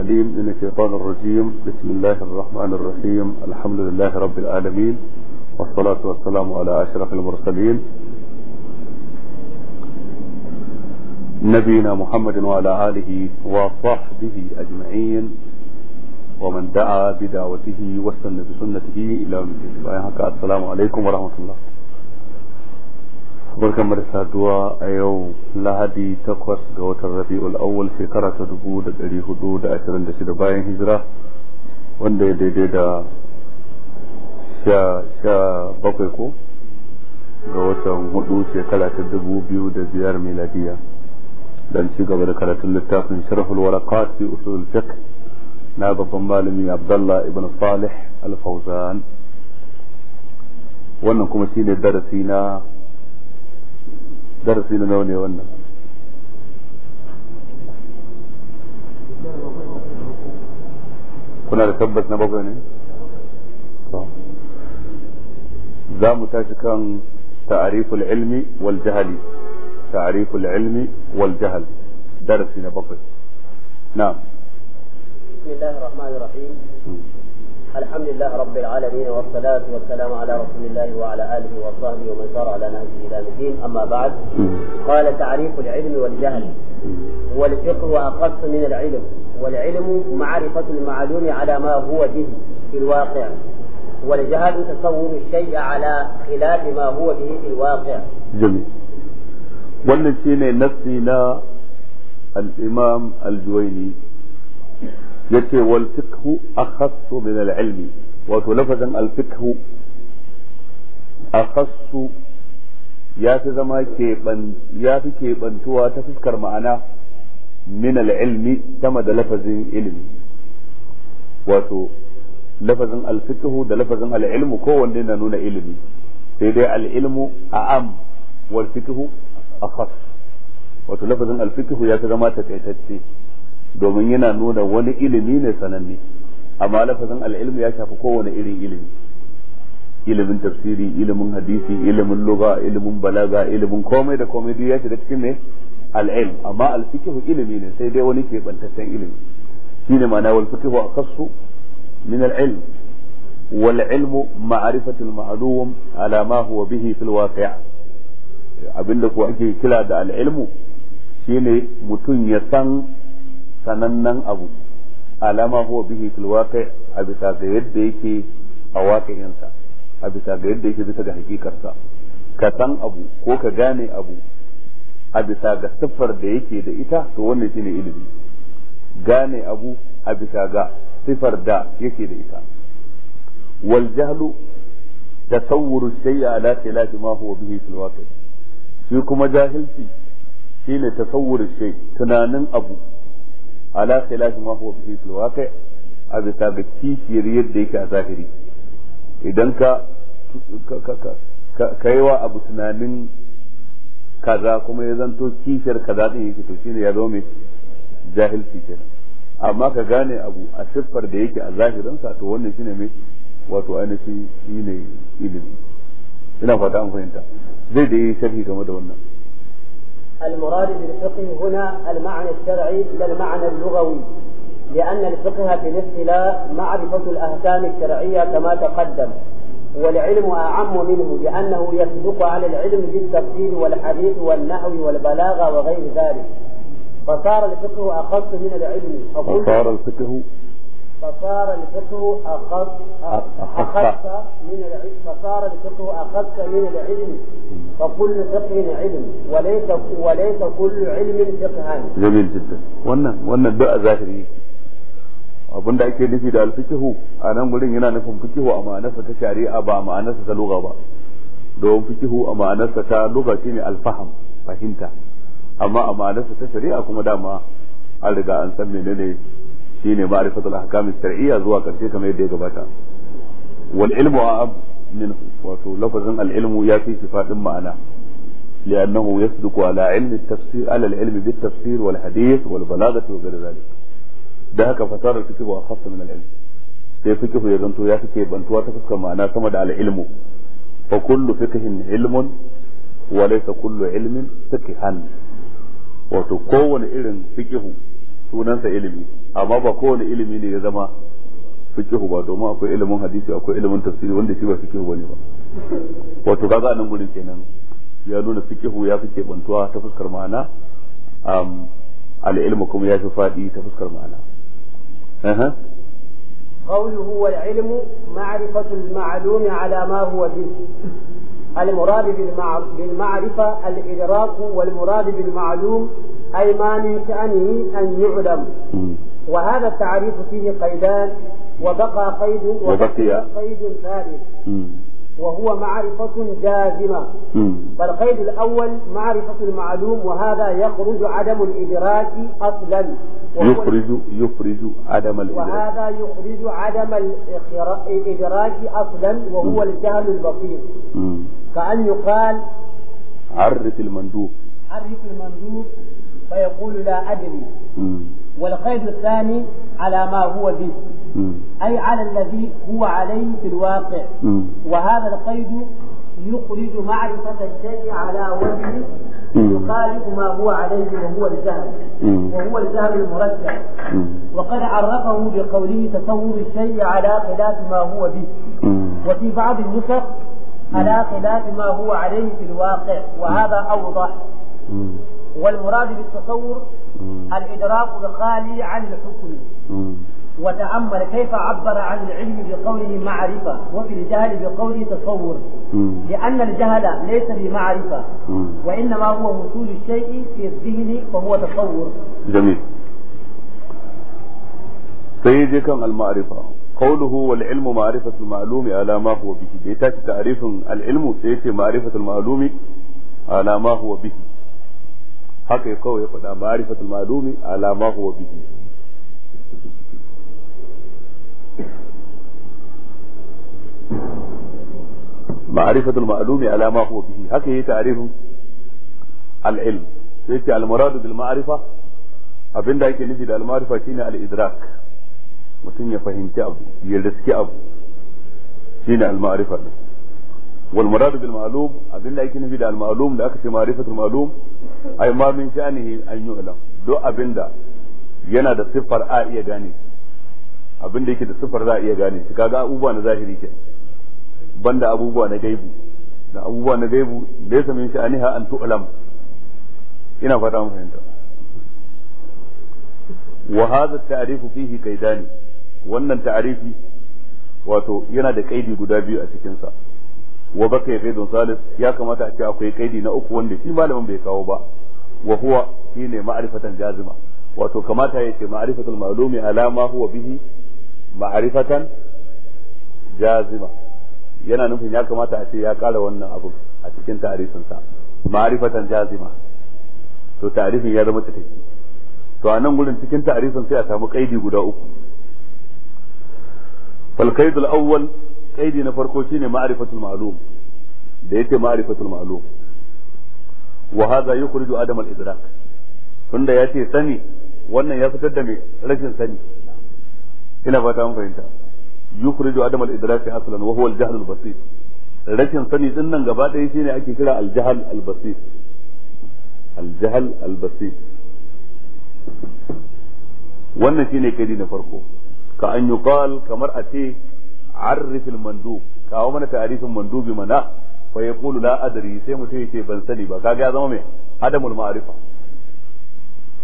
الرجيم من الشيطان الرجيم بسم الله الرحمن الرحيم الحمد لله رب العالمين والصلاة والسلام على أشرف المرسلين نبينا محمد وعلى آله وصحبه أجمعين ومن دعا بدعوته وسن بسنته إلى يوم السلام عليكم ورحمة الله barkan da saduwa a yau lahadi takwas ga watan rabi'ul awwal shekara ta dubu da dari hudu da ashirin da shida bayan hijira wanda ya daidai da sha sha bakwai ko ga watan hudu shekara ta dubu biyu da biyar miladiya dan ci gaba da karatun littafin sharhul warakat fi usul fiqh na babban malami abdullah ibn salih al-fawzan wannan kuma shine darasi na درسي لنا ولي ولنا كنا لثبت نبغيني ذا متاشكا تعريف العلم والجهل تعريف العلم والجهل درسي نبغي نعم بسم الله الرحمن الرحيم الحمد لله رب العالمين والصلاة والسلام على رسول الله وعلى آله وصحبه ومن سار على نهجه إلى الدين أما بعد قال تعريف العلم والجهل والفقه أقص من العلم والعلم معرفة المعلوم على ما هو به في الواقع والجهل تصور الشيء على خلاف ما هو به في الواقع جميل والذي نفسي لا الإمام الجويني yace wal fiqhu akhassu min al ilmi wato lafazin al fiqhu akhassu ya fi zama ya fi keɓantuwa ta fuskar ma'ana min ilmi kama da lafazin ilimi wato lafazin alfikihu da lafazin ko kowanne na nuna ilimi sai dai al'ilmu a am wal fikihu a wato lafazin alfikihu ya fi zama ta takaitacce domin yana nuna wani ilimi ne sananne amma lafazin al'ilmi ya shafi kowane irin ilimi ilimin tafsiri ilimin hadisi ilimin lugha ilimin balaga ilimin komai da komai duk ya shiga cikin ne al'ilm amma al ilimi ne sai dai wani ke bantaccen ilimi shine ma'ana wal fiqh aqassu min al-ilm wal ilmu ma'rifatu al-ma'lum huwa bihi fil waqi' abinda ko ake kira da al-ilmu shine mutum ya san sanannen abu alama huwa bihi fil waqi' a bisa ga yadda yake a sa a bisa ga yadda yake bisa ga sa ka san abu ko ka gane abu a bisa ga siffar da yake da ita to wannan shine ilimi gane abu a bisa ga siffar da yake da ita wal jahlu tasawwuru shay'a ala khilafi ma huwa bihi fil waqi' shi kuma jahilci shine tasawwuru shay tunanin abu ala khilafi ma huwa bihi fil waqi a bisa ga kishiyar yadda yake a zahiri idan ka ka yi wa abu tunanin kaza kuma ya zanto kishiyar kaza din yake to shine ya zo mai jahilci kenan amma ka gane abu a siffar da yake a sa to wannan shine mai wato ainihin shine ilimi ina fata an fahimta zai da yi sharhi game da wannan المراد بالفقه هنا المعنى الشرعي لا المعنى اللغوي لأن الفقه في الاصطلاح معرفة الأحكام الشرعية كما تقدم والعلم أعم منه لأنه يصدق على العلم بالتفسير والحديث والنحو والبلاغة وغير ذلك فصار الفقه أخص من العلم فصار الفقه فصار الفقه أخف أخذت من العلم فصار الفقه أخذت من العلم فكل فقه علم وليس وليس كل علم فقها جميل جدا وانا وانا ظاهري abin da ake nufi da alfikihu a nan gurin yana nufin fikihu a ma'anarsa ta shari'a ba a ma'anarsa ta lugha ba domin fikihu a ma'anarsa ta lugha alfaham fahimta amma a ma'anarsa ta shari'a kuma dama an riga an san menene shine ma'rifatul ahkam shar'iyya zuwa karshe kamar yadda ya gabata wal ilmu a'ab min wato lafazin al ilmu ya fi sifadin ma'ana لأنه يصدق على علم التفسير على العلم بالتفسير والحديث والبلاغة وغير ذلك da haka fasarar fiqh wa khassa min al-ilm sai fiqh ya zanto ya fice bantuwa ta fuskar ma'ana sama da al-ilmu fa kullu fiqhin ilmun wa laysa kullu ilmin fiqhan wato kowane irin fiqh sunansa ilimi amma ba kowane ilimi ne ya zama fiqhu ba domin akwai ilimin hadisi akwai ilimin tafsiri wanda shi ba fiqhu bane ba wato kaga nan gurin kenan ya nuna fiqhu ya fi bantuwa ta fuskar ma'ana um, al-ilmu kuma ya fi fadi ta fuskar ma'ana aha قوله والعلم معرفة المعلوم على ما هو به المراد بالمعرفة الإدراك والمراد بالمعلوم أي ما من شأنه أن يعلم وهذا التعريف فيه قيدان وبقى قيد وبقي قيد ثالث وهو معرفة جازمة فالقيد الأول معرفة المعلوم وهذا يخرج عدم الإدراك أصلا يخرج يخرج عدم الإدراك وهذا يخرج عدم الإدراك أصلا وهو الجهل البسيط كأن يقال عرف المندوب عرف المندوب فيقول لا أدري والقيد الثاني على ما هو به أي على الذي هو عليه في الواقع وهذا القيد يخرج معرفة الشيء على وجهه يخالف ما هو عليه وهو الجهل وهو الجهل المركب وقد عرفه بقوله تصور الشيء على خلاف ما هو به وفي بعض النسخ على خلاف ما هو عليه في الواقع وهذا أوضح والمراد بالتصور الإدراك الخالي عن الحكم وتأمل كيف عبر عن العلم بقوله معرفة وفي الجهل بقوله تصور لأن الجهل ليس بمعرفة وإنما هو وصول الشيء في الذهن فهو تصور جميل سيدكم المعرفة قوله والعلم معرفة المعلوم على ما هو به بيتاك تعريف العلم سيتي معرفة المعلوم على ما هو به haka kawai ya faɗa ma'arifatul ma'lumi ala ma huwa bihi ma'arifatul ma'lumi ala ma huwa bihi haka yi ta'rifin al-ilm sai ce al-muradu bil ma'rifa abinda yake nufi da al-ma'rifa shine al-idrak mutum ya fahimci abu ya riski abu shine al-ma'rifa ne wal muradu bil ma'lum abinda ake nufi da al ma'lum da aka ce ma'rifatul ma'lum ay ma min sha'nihi an yu'lam do abinda yana da siffar a iya gane abinda yake da siffar za a iya gane shi kaga abubuwa na zahiri ke banda abubuwa na gaibu da abubuwa na gaibu laysa min sha'niha an tu'lam ina fata mun fahimta wa hadha at-ta'rifu fihi kaidani wannan ta'rifi wato yana da kaidi guda biyu a cikin sa wa baka don salis ya kamata a ce akwai kaidi na uku wanda shi malamin bai kawo ba wa huwa shine ma'rifatan jazima wato kamata ya ce ma'rifatul ma'lumi ala ma huwa bihi ma'rifatan jazima yana nufin ya kamata a ce ya kara wannan abu a cikin ta'arifin sa ma'rifatan jazima to ta'arifin ya zama take to a nan gurin cikin ta'arifin sai a samu kaidi guda uku fal kaidul awwal kaidi na farko shine ma'rifatul ma'lum da yake ma'rifatul ma'lum wa hadha yukhriju adam al idrak tunda ya sani wannan ya fitar da mai rashin sani ina fata mun fahimta yukhriju adam al idrak aslan wa huwa al jahl al basit rashin sani din nan gaba ɗaya shine ake kira al jahl al basit al jahl al basit wannan shine kaidi na farko ka an yuqal kamar a ce arif al kawo mana ta'arifin mandubi mana fa yaqulu la adri sai mutum yace ban sani ba kaga ya zama me adamul ma'rifa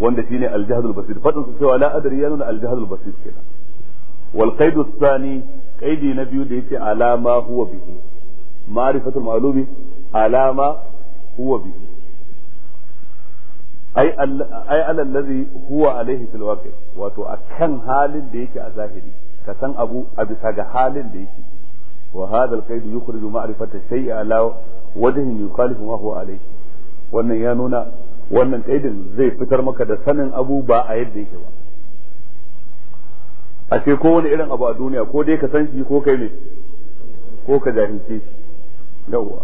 wanda shine al jahdul basit fadin su cewa la adri ya nuna al jahdul basit kenan wal qaidu thani qaidi na biyu da yake alama huwa bihi ma'rifatul ma'lumi alama huwa bihi ai ai alal ladhi huwa alaihi fil waqi wato akan halin da yake a zahiri ka san abu a bisa ga halin da yake wa hadha al-qaid yukhrij ma'rifata shay'i wajen wajhin yukhalifu ma huwa alayhi wannan ya nuna wannan kaidin zai fitar maka da sanin abu ba a yadda yake ba a ce ko wani irin abu a duniya ko dai ka san shi ko kai ne ko ka jahilce shi yawwa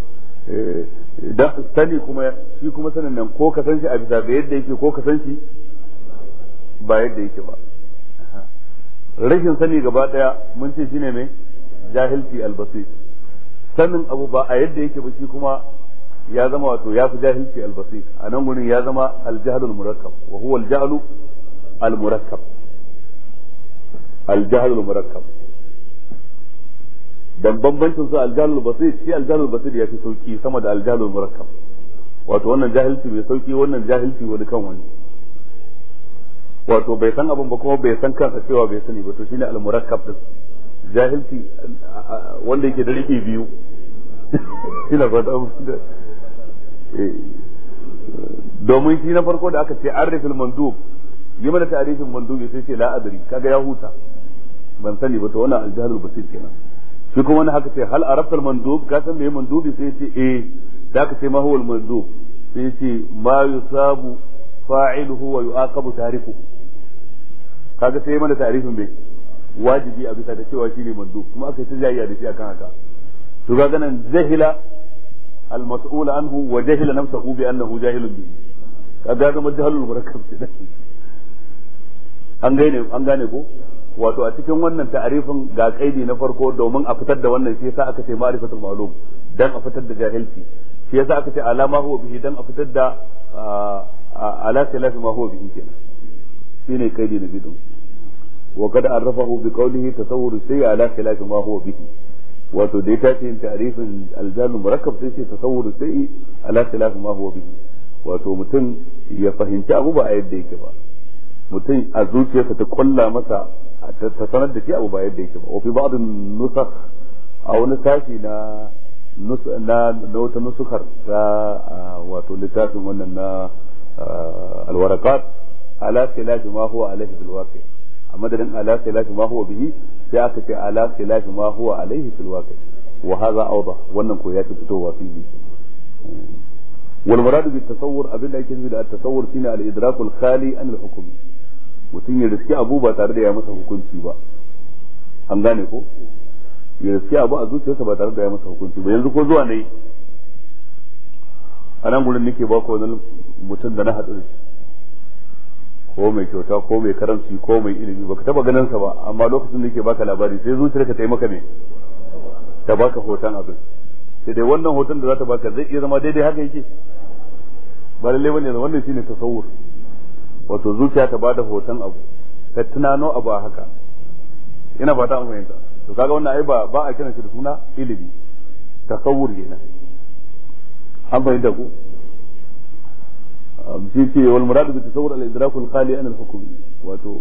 eh, dan sani kuma shi kuma sanin nan ko ka san shi a bisa ga yadda yake ko ka san shi ba yadda yake ba rashin sani gaba daya mun ce shine mai jahilci albasir sanin abu ba a yadda yake ba shi kuma ya zama wato ya fi jahilci albasir a nan gurin ya zama aljahalul murakkab wa huwa aljahlu almurakkab aljahalul murakkab dan bambancin su aljahalul basir shi aljahalul basir ya fi sauki sama da aljahalul murakkab wato wannan jahilci mai sauki wannan jahilci wani kan wani wato bai san abin ba kuma bai san kansa cewa bai sani ba to shine al-murakkab din jahilci wanda yake da rike biyu ina ba da eh. domin shi na farko da aka ce arifil mandub yima da ta'arifin mandub sai ce la adri kaga ya huta ban sani ba to wannan al-jahlul basir kenan shi kuma wani haka ce hal arafta mandub ka san me mandubi sai ce eh da ka ce ma huwa mandub sai ce ma yusabu fa'iluhu wa yu'aqabu tarifuhu kaga sai mana tarifin bai wajibi a bisa da cewa shine mandu kuma aka yi ta jayya da shi akan haka to kaga nan jahila al-mas'ul anhu wa jahila nafsuhu bi annahu jahilun bihi kaga zama jahalul murakkab ce an gane an gane ko wato a cikin wannan ta'arifin ga kaidi na farko domin a fitar da wannan shi yasa aka ce ma'rifatul ma'lum dan a fitar da jahilci shi yasa aka ce alama huwa bihi dan a fitar da ah, ala khilafi ma huwa bihi kenan shine kaidi na bidon wa kada arrafahu bi qawlihi tasawwur sai ala khilafi ma huwa bihi wato dai ta ce ta'rifin al-jahl murakkab sai ce tasawwur sai ala khilafi ma huwa bihi wato mutum ya fahimci abu ba a yadda yake ba mutum a zuciyarsa ta kulla masa ta sanar da shi abu ba yadda yake ba wa fi ba'd nusakh a wani sashi na na wata nusukar ta wato littafin wannan na alwarakat ala khilafi ma huwa alaihi fil waqi a madadin ala khilafi ma huwa bihi sai aka ce ala khilafi ma huwa alaihi fil waqi wa hadha wannan ko ya fi fitowa fili wal muradu bit tasawwur abinda yake nufi da at tasawwur shine al idrakul khali an al hukm mutum ya abu ba tare da ya masa hukunci ba an gane ko ya riski abu a zuciyarsa ba tare da ya masa hukunci ba yanzu ko zuwa ne a nan gurin nake ba ku wani mutum da na haɗu da shi ko mai kyauta ko mai karamci ko mai ilimi ka taba ganin sa ba amma lokacin da yake baka labari sai zuciyarka ka taimaka maka me ta baka hoton abin sai dai wannan hoton da za ta baka zai iya zama daidai haka yake ba lalle bane wannan shine tasawur wato zuciya ta bada hoton abu ka tunano abu a haka ina fata an fahimta to kaga wannan ai ba ba a kiran shi da suna ilimi tasawur kenan أما عندك بسيتي والمراد بتصور الإدراك الخالي أنا الحكومي واتو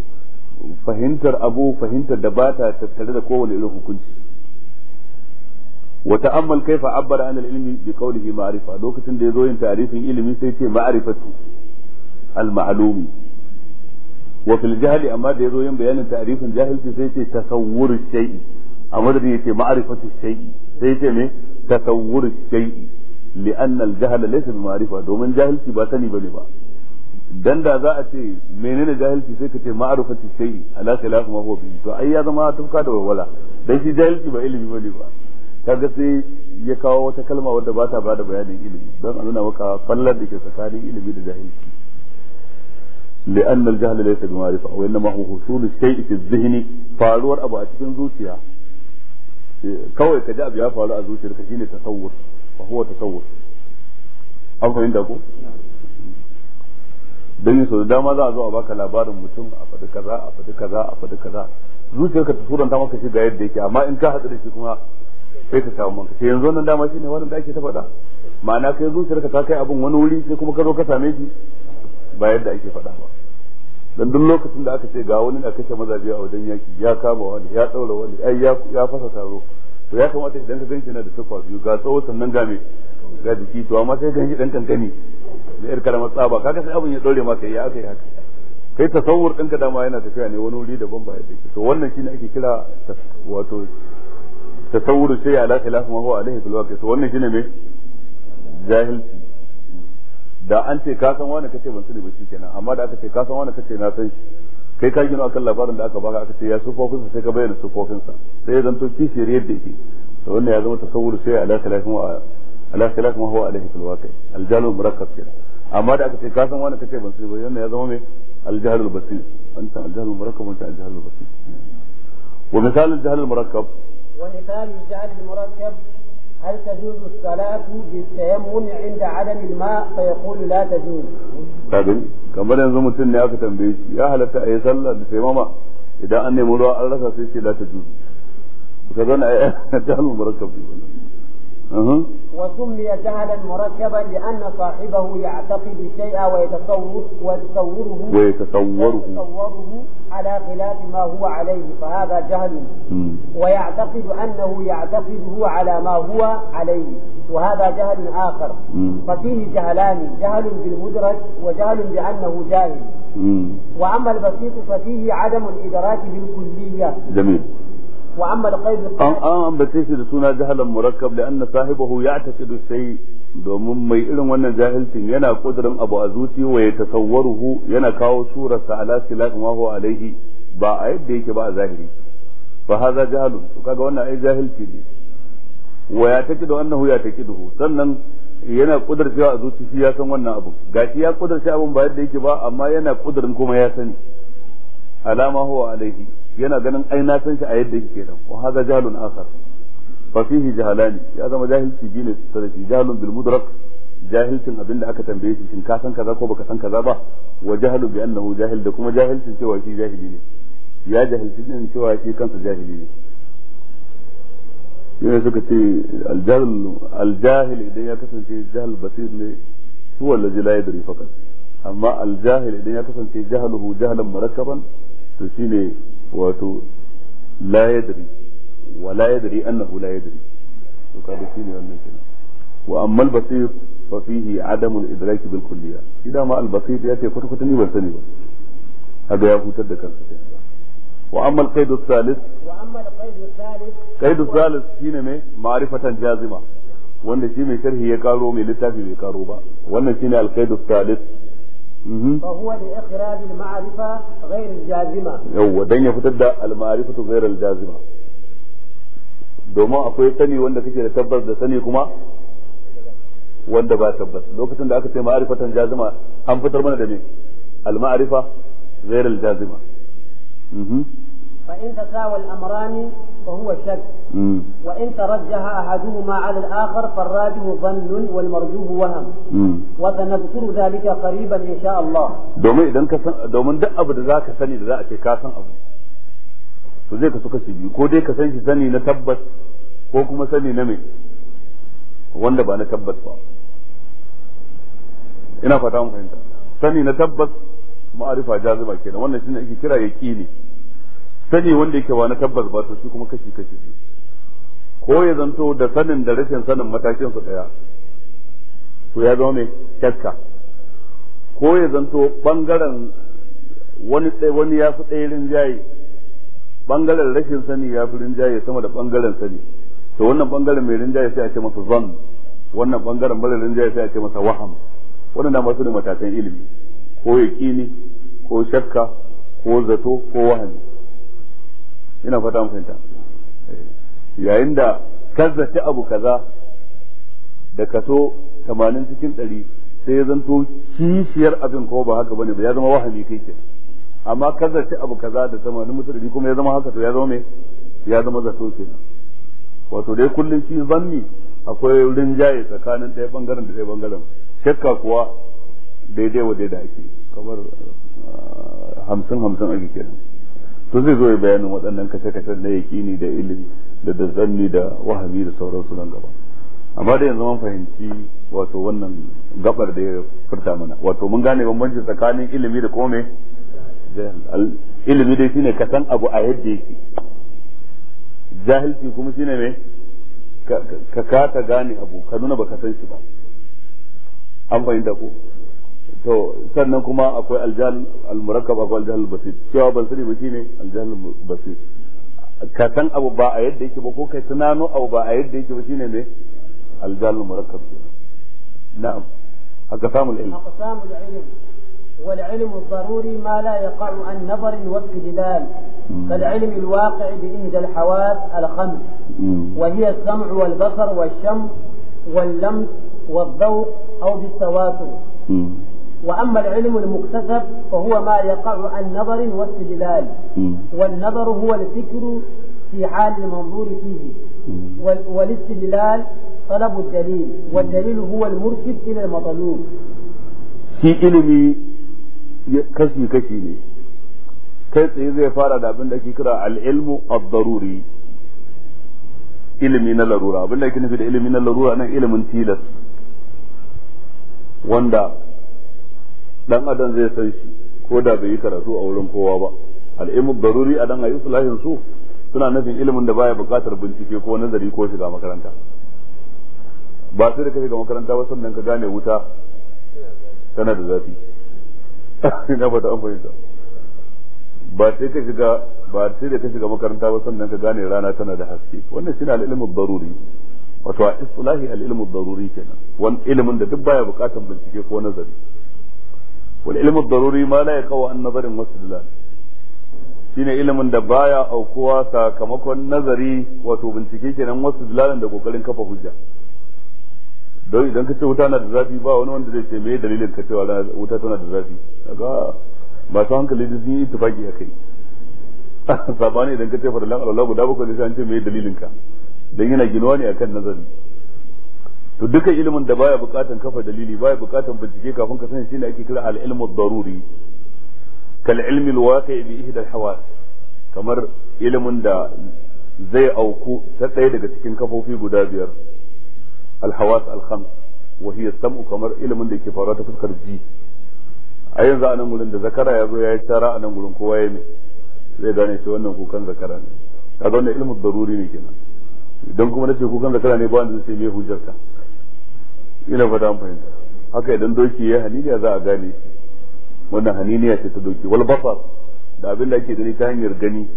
فهنتر أبو فهنتر دباتا تتكلم لك هو اللي كنت وتأمل كيف عبر عن العلم بقوله معرفة دوك سندي زوين تعريف العلم سيتي معرفة المعلوم وفي الجهل أما دي زوين بيان تعريف الجهل سيتي تصور الشيء أما دي معرفة الشيء سيتي تصور الشيء, سيتي تصور الشيء. li'anna al-jahala laysa bi domin jahilci ba sani bane ba dan da za a ce menene jahilci sai ka ce ma'arufati shay'i ala khilaf ma huwa to ai ya zama tufka da walwala dan shi jahilci ba ilimi bane ba kaga sai ya kawo wata kalma wadda ba ta bada bayanin ilimi dan a nuna maka fallar da ke tsakanin ilimi da jahilci لأن الجهل ليس بمعرفة وإنما هو حصول الشيء a الذهن فاروار أبو أتكين زوتيا كوي كجاب يا فارو أزوتيا لكشيني تصور fa huwa an fahimta ko dan yin da dama za a zo a baka labarin mutum a faɗi kaza a faɗi kaza a faɗi kaza zuciyarka ta turanta maka shi ga yadda yake amma in ka haɗu da shi kuma sai ka samu manka yanzu wannan dama shine wannan da ake ta faɗa ma'ana kai zuciyarka ta kai abin wani wuri sai kuma ka zo ka same shi ba yadda ake faɗa ba dan duk lokacin da aka ce ga wani da kashe mazaje a wajen yaki ya kama wani ya ɗaura wani ai ya fasa taro to ya kamata idan ka ganshi na da sufa biyu ga tsawo sannan ga me ga jiki to amma sai ganshi dan kankani da yar karamar tsaba kaga sai abun ya dore maka ya aka yi haka kai tasawur ɗinka dama yana tafiya ne wani wuri daban ba yadda to wannan shine ake kira wato tasawuru sai ala khilaf ma huwa alaihi fil waqi to wannan shine me jahilci da an ce ka san wani kace ban sani ba shi kenan amma da aka ce ka san wani kace na san shi kai ka gino akan labarin da aka baka aka ce ya sufofinsa sai ka bayyana sufofinsa sai ya zanto kishiyar yadda yake to wannan ya zama sai ala wa ala huwa fil waqi al jahl murakkab amma da aka ce ka san wani kace ban sai bayyana ya zama mai al jahl basir anta al jahl murakkab anta al jahl basir wa misal al jahl murakkab wa misal al jahl murakkab هل تجوز الصلاة بالتيمم عند عدم الماء فيقول لا تجوز تابعي kamar yanzu mutum ne aka tambaye shi ya halatta a yi sallah da taimama idan an nemi ruwa an rasa sai ce la ta juzu وسمي جهلا مركبا لأن صاحبه يعتقد الشيء ويتصور ويتصوره ويتصوره, ويتصوره على خلاف ما هو عليه فهذا جهل ويعتقد أنه يعتقده على ما هو عليه وهذا جهل آخر ففيه جهلان جهل بالمدرك وجهل بأنه جاهل وأما البسيط ففيه عدم الإدراك بالكلية جميل وأما القيد أم أم بتيشي لسونا جهلا مركب لأن صاحبه يعتقد الشيء domin mai irin wannan jahilcin yana kudurin abu a zuci wa ya tasawwaruhu yana kawo surarsa ala silaqin wa huwa alaihi ba a yadda yake ba a zahiri fa hadha jahalun to kaga wannan ai jahilci ne wa ya taqidu annahu ya taqiduhu sannan yana kudurcewa a zuci shi ya san wannan abu gashi ya kudurce abun ba yadda yake ba amma yana kudurin kuma ya sani alama huwa alaihi yana ganin ai na san shi a yadda yake kenan wa haza jahlun akhar fa fihi jahalani ya zama jahilci biyu ne tare da jahlun bil mudrak jahilcin abin da aka tambaye shi shin ka san kaza ko baka san kaza ba wa jahlu bi annahu jahil da kuma jahilcin cewa shi jahili ne ya jahilci din cewa shi kansa jahili ne yana suka ce aljahil idan ya kasance jahil basir ne huwa allazi la yadri faqat amma aljahil idan ya kasance jahluhu jahlan murakkaban to shine wato la yadri wa la yadri annahu la yadri to kada shine wannan kenan wa amma al-basir fa fihi adam al bil kulliya idan ma al-basir ya ce kwata ni ban sani ba kaga ya hutar da kansa kenan wa amma al-qaid al-thalith wa amma al-qaid al-thalith qaid al-thalith shine me ma'rifatan jazima wanda shi mai sharhi ya karo mai littafi bai karo ba wannan shine al-qaid al-thalith فهو لإخراج المعرفة غير الجازمة هو دين يفتد المعرفة غير الجازمة دوما أقول سني وانا كتير تبرز سني كما وانا با تبرز لو كتن دا كتن معرفة جازمة هم فتر من دمي المعرفة غير الجازمة فإن تساوى الأمران فهو شك مم. وإن ترجح أحدهما على الآخر فالراجح ظن والمرجوح وهم وسنذكر ذلك قريبا إن شاء الله دومي إذا كسن دومن دق أبو ذاك سني ذاك كاسن أبو to zai kasu kashi biyu ko dai ka san sani na tabbas ko kuma sani na mai wanda ba na tabbas ba ina fata fahimta sani na tabbas wannan ake kira yaqini sani wanda yake ba na tabbas ba to shi kuma kashi kashi ko ya zanto da sanin da rashin sanin matakin su daya to ya zama mai shakka ko ya zanto bangaren wani wani ya fi ɗaya rinjaye bangaren rashin sani ya fi rinjaye sama da bangaren sani to wannan bangaren mai rinjaye sai a ce masa zan wannan bangaren mara rinjaye sai a ce masa waham wannan na masu da matakan ilimi ko yaƙini ko shakka ko zato ko wahani ina fata mun eh, yayin da kazzace abu kaza da kaso 80 cikin 100 sai ya zanto kishiyar abin ko ba haka bane ba ya zama wahami kai ke amma kazzace abu kaza da 80 mutu 100 kuma ya zama haka to ya zama me ya zama zato kenan wato dai kullum shi zanni akwai rinjaye tsakanin ɗaya bangaren da ɗaya bangaren shakka kuwa daidai wa daidai ake kamar ah, hamsin hamsin ake kenan to zai zo ya bayanin waɗannan kashe-kashen na yaƙini da ilimi da dazzanni da wahabi da sauransu nan gaba amma da yanzu mun fahimci wato wannan gabar da ya furta mana wato mun gane bambanci tsakanin ilimi da kome ilimi dai shine ka san abu a yadda yake jahilci kuma shine me ka ka gane abu ka nuna baka san shi ba an fahimta ko to sannan kuma akwai aljal almurakkab akwai aljal albasit cewa ban sani ba shine aljal albasit ka san abu ba a yadda yake ba ko kai tunano abu ba a yadda yake ba shine ne aljal almurakkab na'am أقسام العلم أقسام العلم والعلم الضروري ما لا يقع عن نظر واستدلال كالعلم الواقع بإحدى الحواس الخمس وهي السمع والبصر والشم واللمس والذوق أو بالتواتر وأما العلم المكتسب فهو ما يقع عن نظر واستدلال والنظر هو الفكر في حال المنظور فيه والاستدلال طلب الدليل والدليل هو المرشد إلى المطلوب في علمي كشي كشي كيف tsaye فارد fara da العلم الضروري ake kira al'ilmu ad-daruri ilimi na larura abin da ake nufi da ilimi na larura nan ilimin tilas wanda dan adam zai san shi ko da bai yi karatu a wurin kowa ba Al'imu baruri a dan ayi sulahin su suna nufin ilimin da baya buƙatar bincike ko nazari ko shiga makaranta ba sai da ka shiga makaranta ba sannan ka gane wuta tana da zafi na ba ta an fahimta ba sai ka shiga ba sai da ka shiga makaranta ba sannan ka gane rana tana da haske wannan shine al al'imu daruri wato a istilahi al daruri kenan wani ilimin da duk baya buƙatar bincike ko nazari wal ilmu daruri ma la yaqaw an nazarin wasdilal shine ilmin da baya au kowa sakamakon nazari wato bincike kenan wasu dilalan da kokarin kafa hujja don idan ka ce wuta na da zafi ba wani wanda zai ce me dalilin ka cewa wuta tana da zafi ba masu hankali da sun yi tufaki a kai sabani idan ka ce fadalan Allah guda bakwai sai an ce me dalilin ka dan yana ginuwa ne akan nazari to dukkan ilimin da baya bukatan kafa dalili baya bukatan bincike kafin ka sani shine ake kira al-ilmu daruri kal ilmi al-waqi bi ihda al-hawas kamar ilimin da zai auku ta ɗaya daga cikin kafofi guda biyar al-hawas al-khams wa hiya sam'u kamar ilimin da yake faruwa ta fuskar ji a yanzu a nan gurin da zakara ya zo ya yi tara a nan gurin kowa ya ne zai gane shi wannan kukan zakara ne kaga wannan ilimin daruri ne kenan idan kuma na ce kukan zakara ne ba wanda zai ce me ka ina fata an fahimta haka idan doki ya haniniya za a gane wannan haniniya ce ta doki wal basar da abin da ake gani ta hanyar gani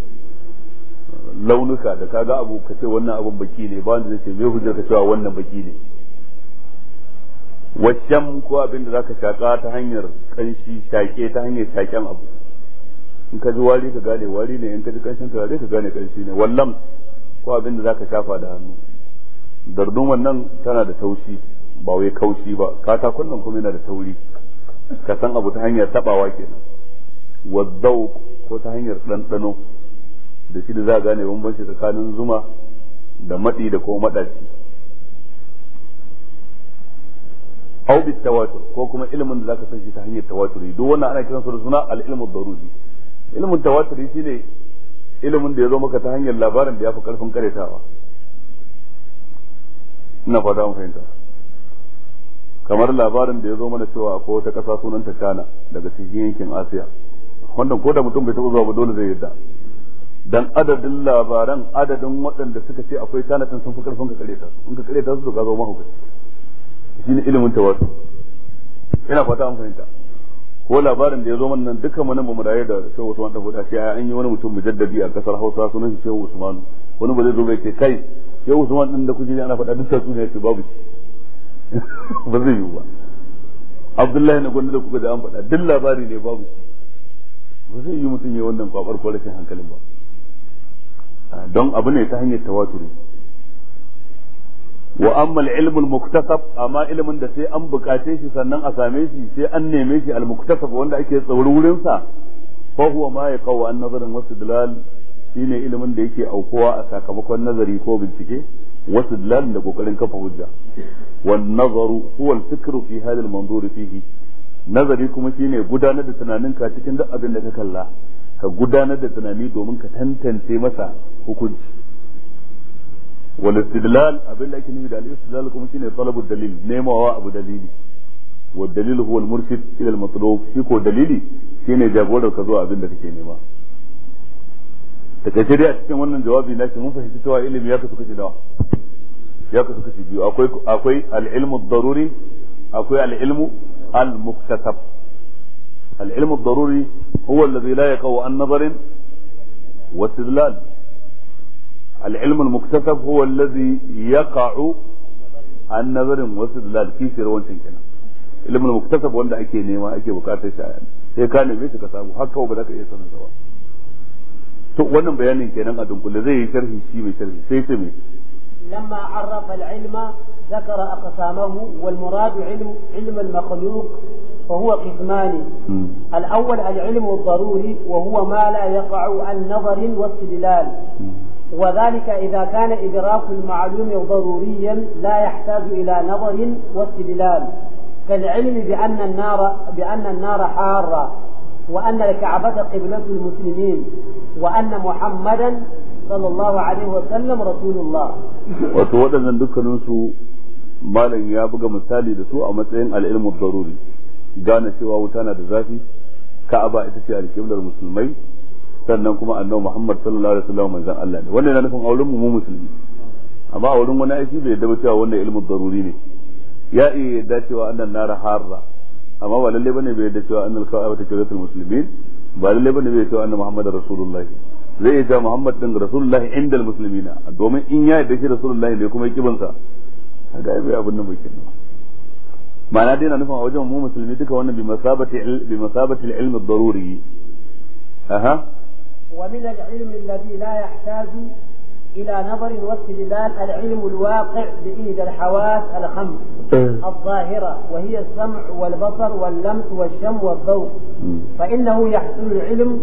launuka da kaga abu ka ce wannan abun baki ne ba wanda zai ce me hujjar ka cewa wannan baki ne waccan ko abin da zaka shaka ta hanyar kanshi shake ta hanyar shaken abu in ka ji wari ka gane wari ne in ka ji kanshin ka ka gane kanshi ne wallam ko abin da zaka shafa da hannu dardun wannan tana da taushi ba wai kaushi ba katakon nan kuma yana da tauri ka san abu ta hanyar tabawa kenan zau, ko ta hanyar ɗanɗano da shi da za a gane bambanci tsakanin zuma da maɗi da kuma maɗaci au bi tawatur ko kuma ilimin da zaka san shi ta hanyar tawaturi duk wannan ana kiransa da suna al-ilmu daruri ilimin tawaturi shine ilimin da ya zo maka ta hanyar labarin da ya fi karfin karetawa ina fata mun fahimta kamar labarin da ya zo mana cewa akwai wata ƙasa sunanta kana daga cikin yankin Asiya wannan ko da mutum bai taɓa zuwa ba dole zai yadda dan adadin labaran adadin waɗanda suka ce akwai kana din sun fi karfin ka kare ta in ka kare ta su ka zo mahaukaci shine ilimin tawasu ina fata an fahimta ko labarin da ya zo mana dukkan manan bamu raye da Shehu Usman da Huda sai an yi wani mutum mujaddadi a kasar Hausa sunan shi Shehu Usman wani ba zai zo bai ce kai Shehu Usman din da kuje ana faɗa dukkan su ne su babu shi ba zai yiwu ba abdullahi na gwanda da kuka da an faɗa duk labari ne babu ba zai yi mutum ya wannan kwabar ko rashin hankalin ba ah, don abu ne ta hanyar tawaturi wa amma ilmul muktasab amma ilimin da sai an bukace shi sannan a same shi sai an neme shi al-muktasab wanda ake tsauri wurin sa fa huwa ma ya qawa an nazarin wasu shine ilimin da yake aukuwa a sakamakon nazari ko bincike dilal da kokarin kafa hujja wan nazaru huwa al fi hal fihi nazari kuma shine gudanar da tunanin ka cikin duk abin da ka kalla ka gudanar da tunani domin ka tantance masa hukunci wal istidlal abin da ake nufi da al kuma shine talabu dalil nemawa abu dalili wa dalil huwa al ila shi ko dalili shine jagorar ka zuwa abin da kake nema da kace dai a cikin wannan jawabi na shi mun fahimci cewa ilimi ya kasu kashi dawa ya kasu kashi biyu akwai akwai al-ilmu daruri akwai al-ilmu al-muktasab al-ilmu daruri huwa alladhi la an wa istidlal al-ilmu al-muktasab huwa alladhi yaqau an wa istidlal kenan ilmu al-muktasab wanda ake nema ake bukatar shi sai ka ne shi ka samu haka ba za ka iya sanin ba to wannan bayanin kenan a dunkule zai yi sharhi shi mai sharhi sai sai mai لما عرف العلم ذكر أقسامه والمراد علم علم المخلوق فهو قسمان الأول العلم الضروري وهو ما لا يقع عن نظر واستدلال وذلك إذا كان إدراك المعلوم ضروريا لا يحتاج إلى نظر واستدلال كالعلم بأن النار بأن النار حارة وأن الكعبة قبلة المسلمين وأن محمدا صلى الله عليه وسلم رسول الله وتوضأ دكان سو malam buga misali da su a matsayin al'ilmu daruri gane cewa wuta na da zafi ka'aba ita ce alƙiblar musulmai sannan kuma annabi Muhammad sallallahu alaihi wasallam manzon Allah ne wannan yana nufin auren mu musulmi amma a wurin wani aiki bai yadda cewa wannan ilmin daruri ne ya iya yadda cewa annan nara harra amma ba lalle bane bai da cewa annal ka'aba ta kiratul muslimin ba lalle bane bai cewa anna muhammadar rasulullahi zai ce muhammad din rasulullahi indal muslimina domin in ya yarda shi rasulullahi ne kuma kibansa kaga ai bai abin nan bai kenan ma'ana dai na nufin a wajen mu musulmi duka wannan bi masabati ilmi masabati al-ilm ad-daruri aha wa min al-ilm alladhi la yahtaju إلى نظر واستدلال العلم الواقع بإيد الحواس الخمس الظاهرة وهي السمع والبصر واللمس والشم والضوء فإنه يحصل العلم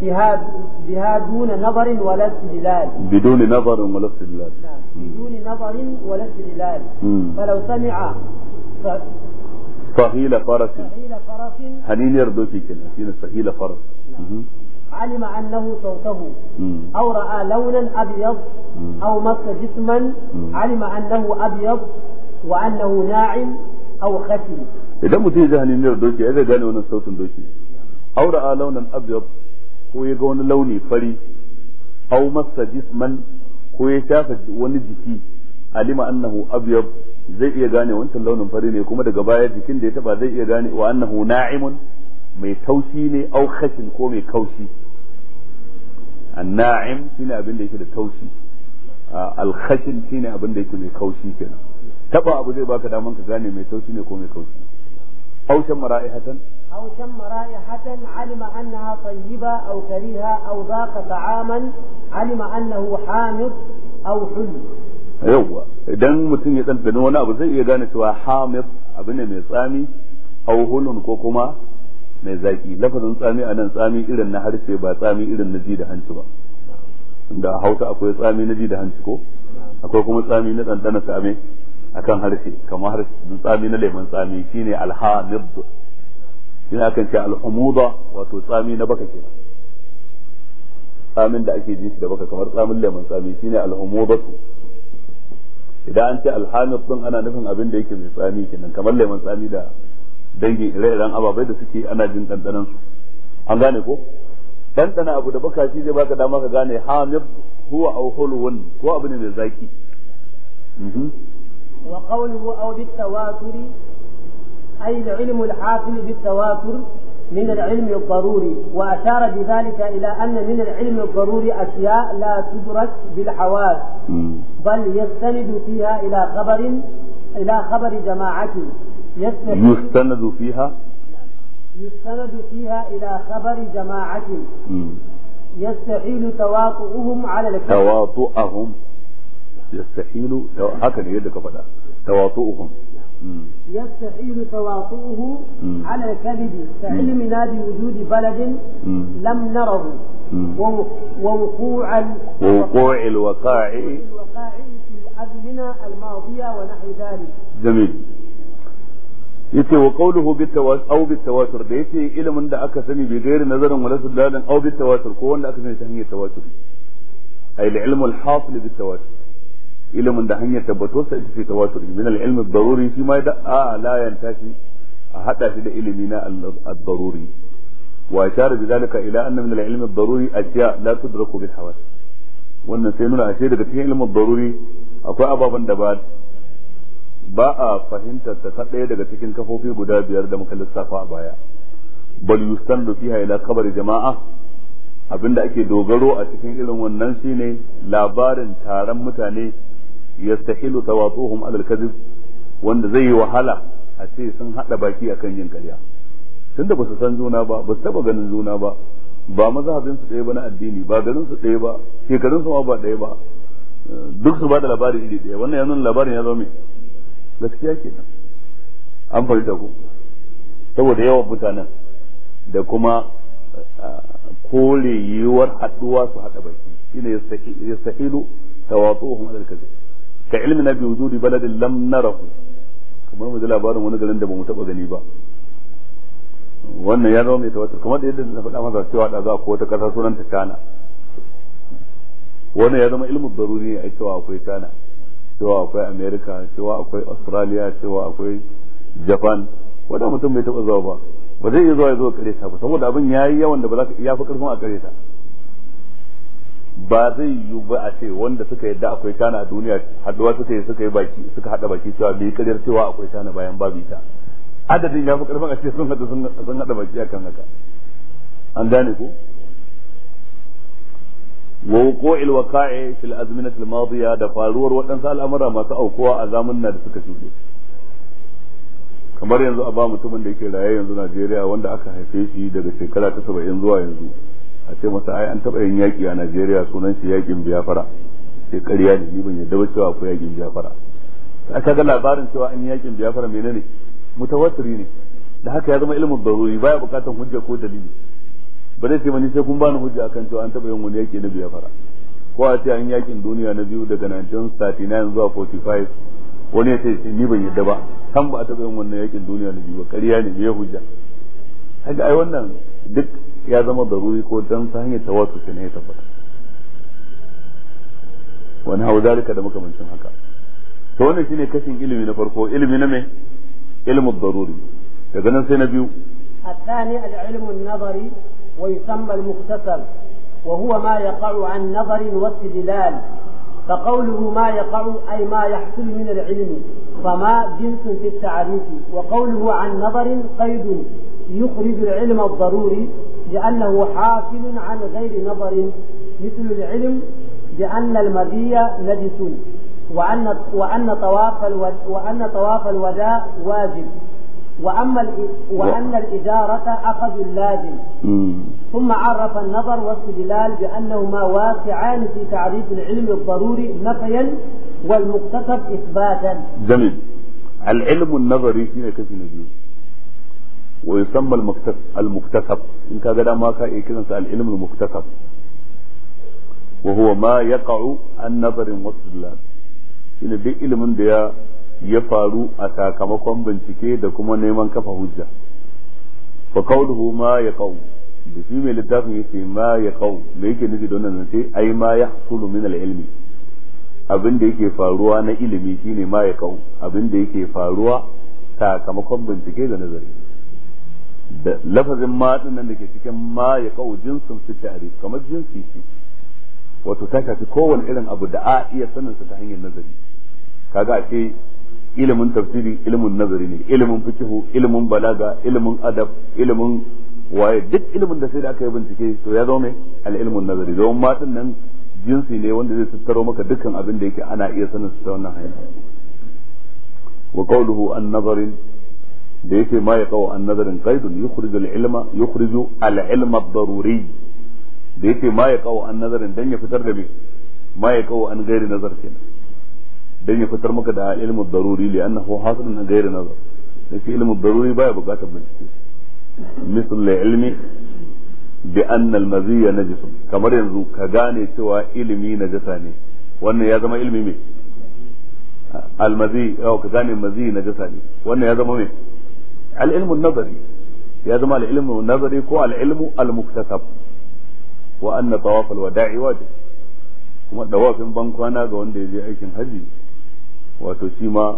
بها بها دون نظر ولا استدلال بدون نظر ولا استدلال نعم. بدون نظر ولا استدلال فلو سمع ف... صهيل فرس صهيل فرس هنين يردوكي كلمة صهيل فرس نعم. علم أنه صوته أو رأى لونا أبيض أو مس جسما علم أنه أبيض وأنه ناعم أو خشن idan mutum ya ji haniniyar doki a zai gane wannan sautin doki aura a launin abyad ko ya ga wani launi fari au masa ko ya shafa wani jiki alima annahu abyad zai iya gane wancan launin fari ne kuma daga baya jikin da ya taba zai iya gane wa annahu na'imun mai taushi ne au khashin ko mai kaushi anna'im shine abin da yake da taushi alkhashin shine abin da yake mai kaushi kenan taba abu zai baka daman ka gane mai taushi ne ko mai kaushi أو شم رائحة أو شم رائحة علم أنها طيبة أو كريهة أو ذاق طعاما علم أنه حامض أو حلو yawwa idan mutum ya tsantsani wani abu zai iya gane cewa hamid abin ne mai tsami au hulun ko kuma mai zaki lafazin tsami a nan tsami irin na harshe ba tsami irin na ji da hanci ba da hausa akwai tsami na ji da hanci ko akwai kuma tsami na ɗanɗana tsami a kan harshe kamar harshe tsami na lemon tsami shi shine alhamid ne akan ce alhamuda wato tsami na baka ke. tsamin da ake ji shi da baka kamar tsamin lemon tsami shi alhamuda su idan an ce alhamid din ana nufin abin da yake mai tsami kenan kamar lemon tsami da dangin ire-iren ababai da suke ana jin ɗanɗanan an gane ko ɗanɗana abu da baka zai baka dama ka gane hamid huwa au hulwun ko abu ne mai zaki mhm. wa qawluhu aw bit tawatur ay al-ilm al-hasil bit tawatur من baruri الضروري وأشار بذلك إلى أن من العلم الضروري أشياء لا تدرك بالحواس bal يستند فيها إلى خبر إلى خبر جماعة يستند فيها يستند فيها إلى خبر جماعة يستحيل تواطؤهم على الكذب تواطؤهم يستحيل هكذا يدك فدا تواطؤهم يستحيل تواطؤه على الكذب كعلمنا بوجود بلد لم نره ووقوع ووقوع الوقائع في عدلنا الماضية ونحو ذلك جميل yace wa qawluhu bit tawat aw bit tawatur da yace ilimin da aka sani bi gairi nazarin wala sudalan aw bit tawatur ko wanda aka sani ta hanyar tawatur Ai da ilm al-hasil bit tawatur ilimin da hanyar tabbato sai ita ce tawatur min al-ilm ad-daruri shi ma da a la yanta a hada shi da ilimi na ad-daruri wa ashara bi zalika ila anna min al-ilm ad-daruri ashya la tudraku bil hawas wannan sai nuna ashe daga cikin ilimin daruri akwai ababan da ba ba a fahimtar ta ɗaya daga cikin kafofi guda biyar da muka lissafa a baya bal yustandu fiha ila kabar jama'a abinda ake dogaro a cikin irin wannan shine labarin taron mutane yastahilu tawatuhum alal kadhib wanda zai yi wahala a ce sun hada baki akan yin karya tunda ba su san juna ba ba su taba ganin juna ba ba mazhabin su ɗaya ba na addini ba garin su ɗaya ba shekarun su ba ɗaya ba duk su ba da labari iri ɗaya wannan yanzu labarin ya zama mai gaskiya nan an fari da ku saboda yawan mutanen da kuma ah, kore yiwuwar haɗuwa su haɗa baki shine yastahilu tawatsuhum alal kadhib ka ilmi na bi wujudi baladin lam narahu kamar mu ji labarin wani garin da bamu taba gani ba wannan ya zama mai tawatur kamar yadda na faɗa masa cewa da za ko wata ƙasa sunan ta kana wannan ya zama ilmin daruri ne a cewa akwai kana cewa akwai america cewa akwai australia cewa akwai japan wanda mutum bai taba zuwa ba ba zai iya zuwa ya zo ta ba saboda abin ya yi yawan da ba za ka iya fi karfin a ta ba zai yi ba a ce wanda suka yadda akwai tana a duniya haduwa suka yi suka yi baki suka hada baki cewa bai karyar cewa akwai tana bayan babu ita adadin ya fi karfin a ce sun hada sun hada baki akan haka an gane ko wa wuqu'il waqa'i fil azminat al madiya da faruwar waɗansu al'amura masu aukuwa a da suka shuɗe kamar yanzu a ba mutumin da yake raye yanzu Najeriya wanda aka haife shi daga shekara ta 70 zuwa yanzu a ce masa ai an taɓa yin yaƙi a Najeriya sunan shi yaƙin biyafara sai ƙarya ne ni ban yadda cewa akwai yaƙin biyafara aka ga labarin cewa an yi yaƙin biyafara menene mutawatiri ne da haka ya zama ilimin daruri baya bukatan hujja ko dalili ba zai ce mani sai kun bani hujja akan cewa an taba yin wani yaƙi na biyafara ko a ce an yaƙin duniya na biyu daga 1939 zuwa 45 wani ya ce ni ban yadda ba san ba a taɓa yin wannan yaƙin duniya na biyu ba ƙarya ne me hujja haka ai wannan duk ya zama daruri ko dan ta hanyar tawatur ne ya tabbata wani hau zalika da makamancin haka to wannan shine kashin ilimi na farko ilimi na me ilmu daruri daga nan sai na biyu الثاني العلم النظري ويسمى المختصر وهو ما يقع عن نظر واستدلال فقوله ما يقع أي ما يحصل من العلم فما جنس في التعريف وقوله عن نظر قيد يخرج العلم الضروري لأنه حاصل عن غير نظر مثل العلم بأن المذي نجس وأن وأن طواف وأن طواف الوداع واجب وأما وأن الإجارة أخذ اللازم ثم عرف النظر والاستدلال بأنهما واقعان في تعريف العلم الضروري نفيا والمكتسب إثباتا جميل العلم النظري فينا كيف نجيب ويسمى المكتسب المكتسب إن كان ما كان العلم المكتسب وهو ما يقع عن نظر واستدلال إلى دي علم ديا ya faru a sakamakon bincike da kuma neman kafa hujja fa qawluhu ma ya yaqau da shi mai littafin ce ma ya yaqau me yake nufi da wannan zance ai ma yahsulu min al-ilmi abin da yake faruwa na ilimi shine ma ya yaqau abin da yake faruwa sakamakon bincike da nazari da lafazin ma din nan dake cikin ma ya yaqau jinsun fi kamar jinsi ce wato ta kowane irin abu da a iya sanin sa ta hanyar nazari kaga a ilimin tafsiri ilimin nazari ne ilimin fikihu ilimin balaga ilimin adab ilimin waye duk ilimin da sai da aka yi bincike to ya zama mai al'ilmun nazari don ma din nan jinsi ne wanda zai tattaro maka dukkan abin da yake ana iya sanin su ta wannan hanya wa qawluhu an nazarin da yake ma ya qaw an nazarin qaidun yukhriju al-ilma yukhriju al-ilma daruri da yake ma ya qaw an nazarin dan ya fitar da me ma ya qaw an gairi nazar kenan dan ya fitar maka da ilmu daruri li annahu hasilun na gairi nazar da shi ilmu daruri baya bukatar bincike misal la ilmi bi anna al maziya najis kamar yanzu ka gane cewa ilimi najasa ne wannan ya zama ilmi me al mazi aw oh, ka gane mazi najasa ne wannan ya zama me al ilmu nazari ya zama al ilmu nazari ko al ilmu al muktasab wa anna tawaf al wada'i wajib kuma dawafin bankwana ga wanda ya je aikin hajji. wato shi ma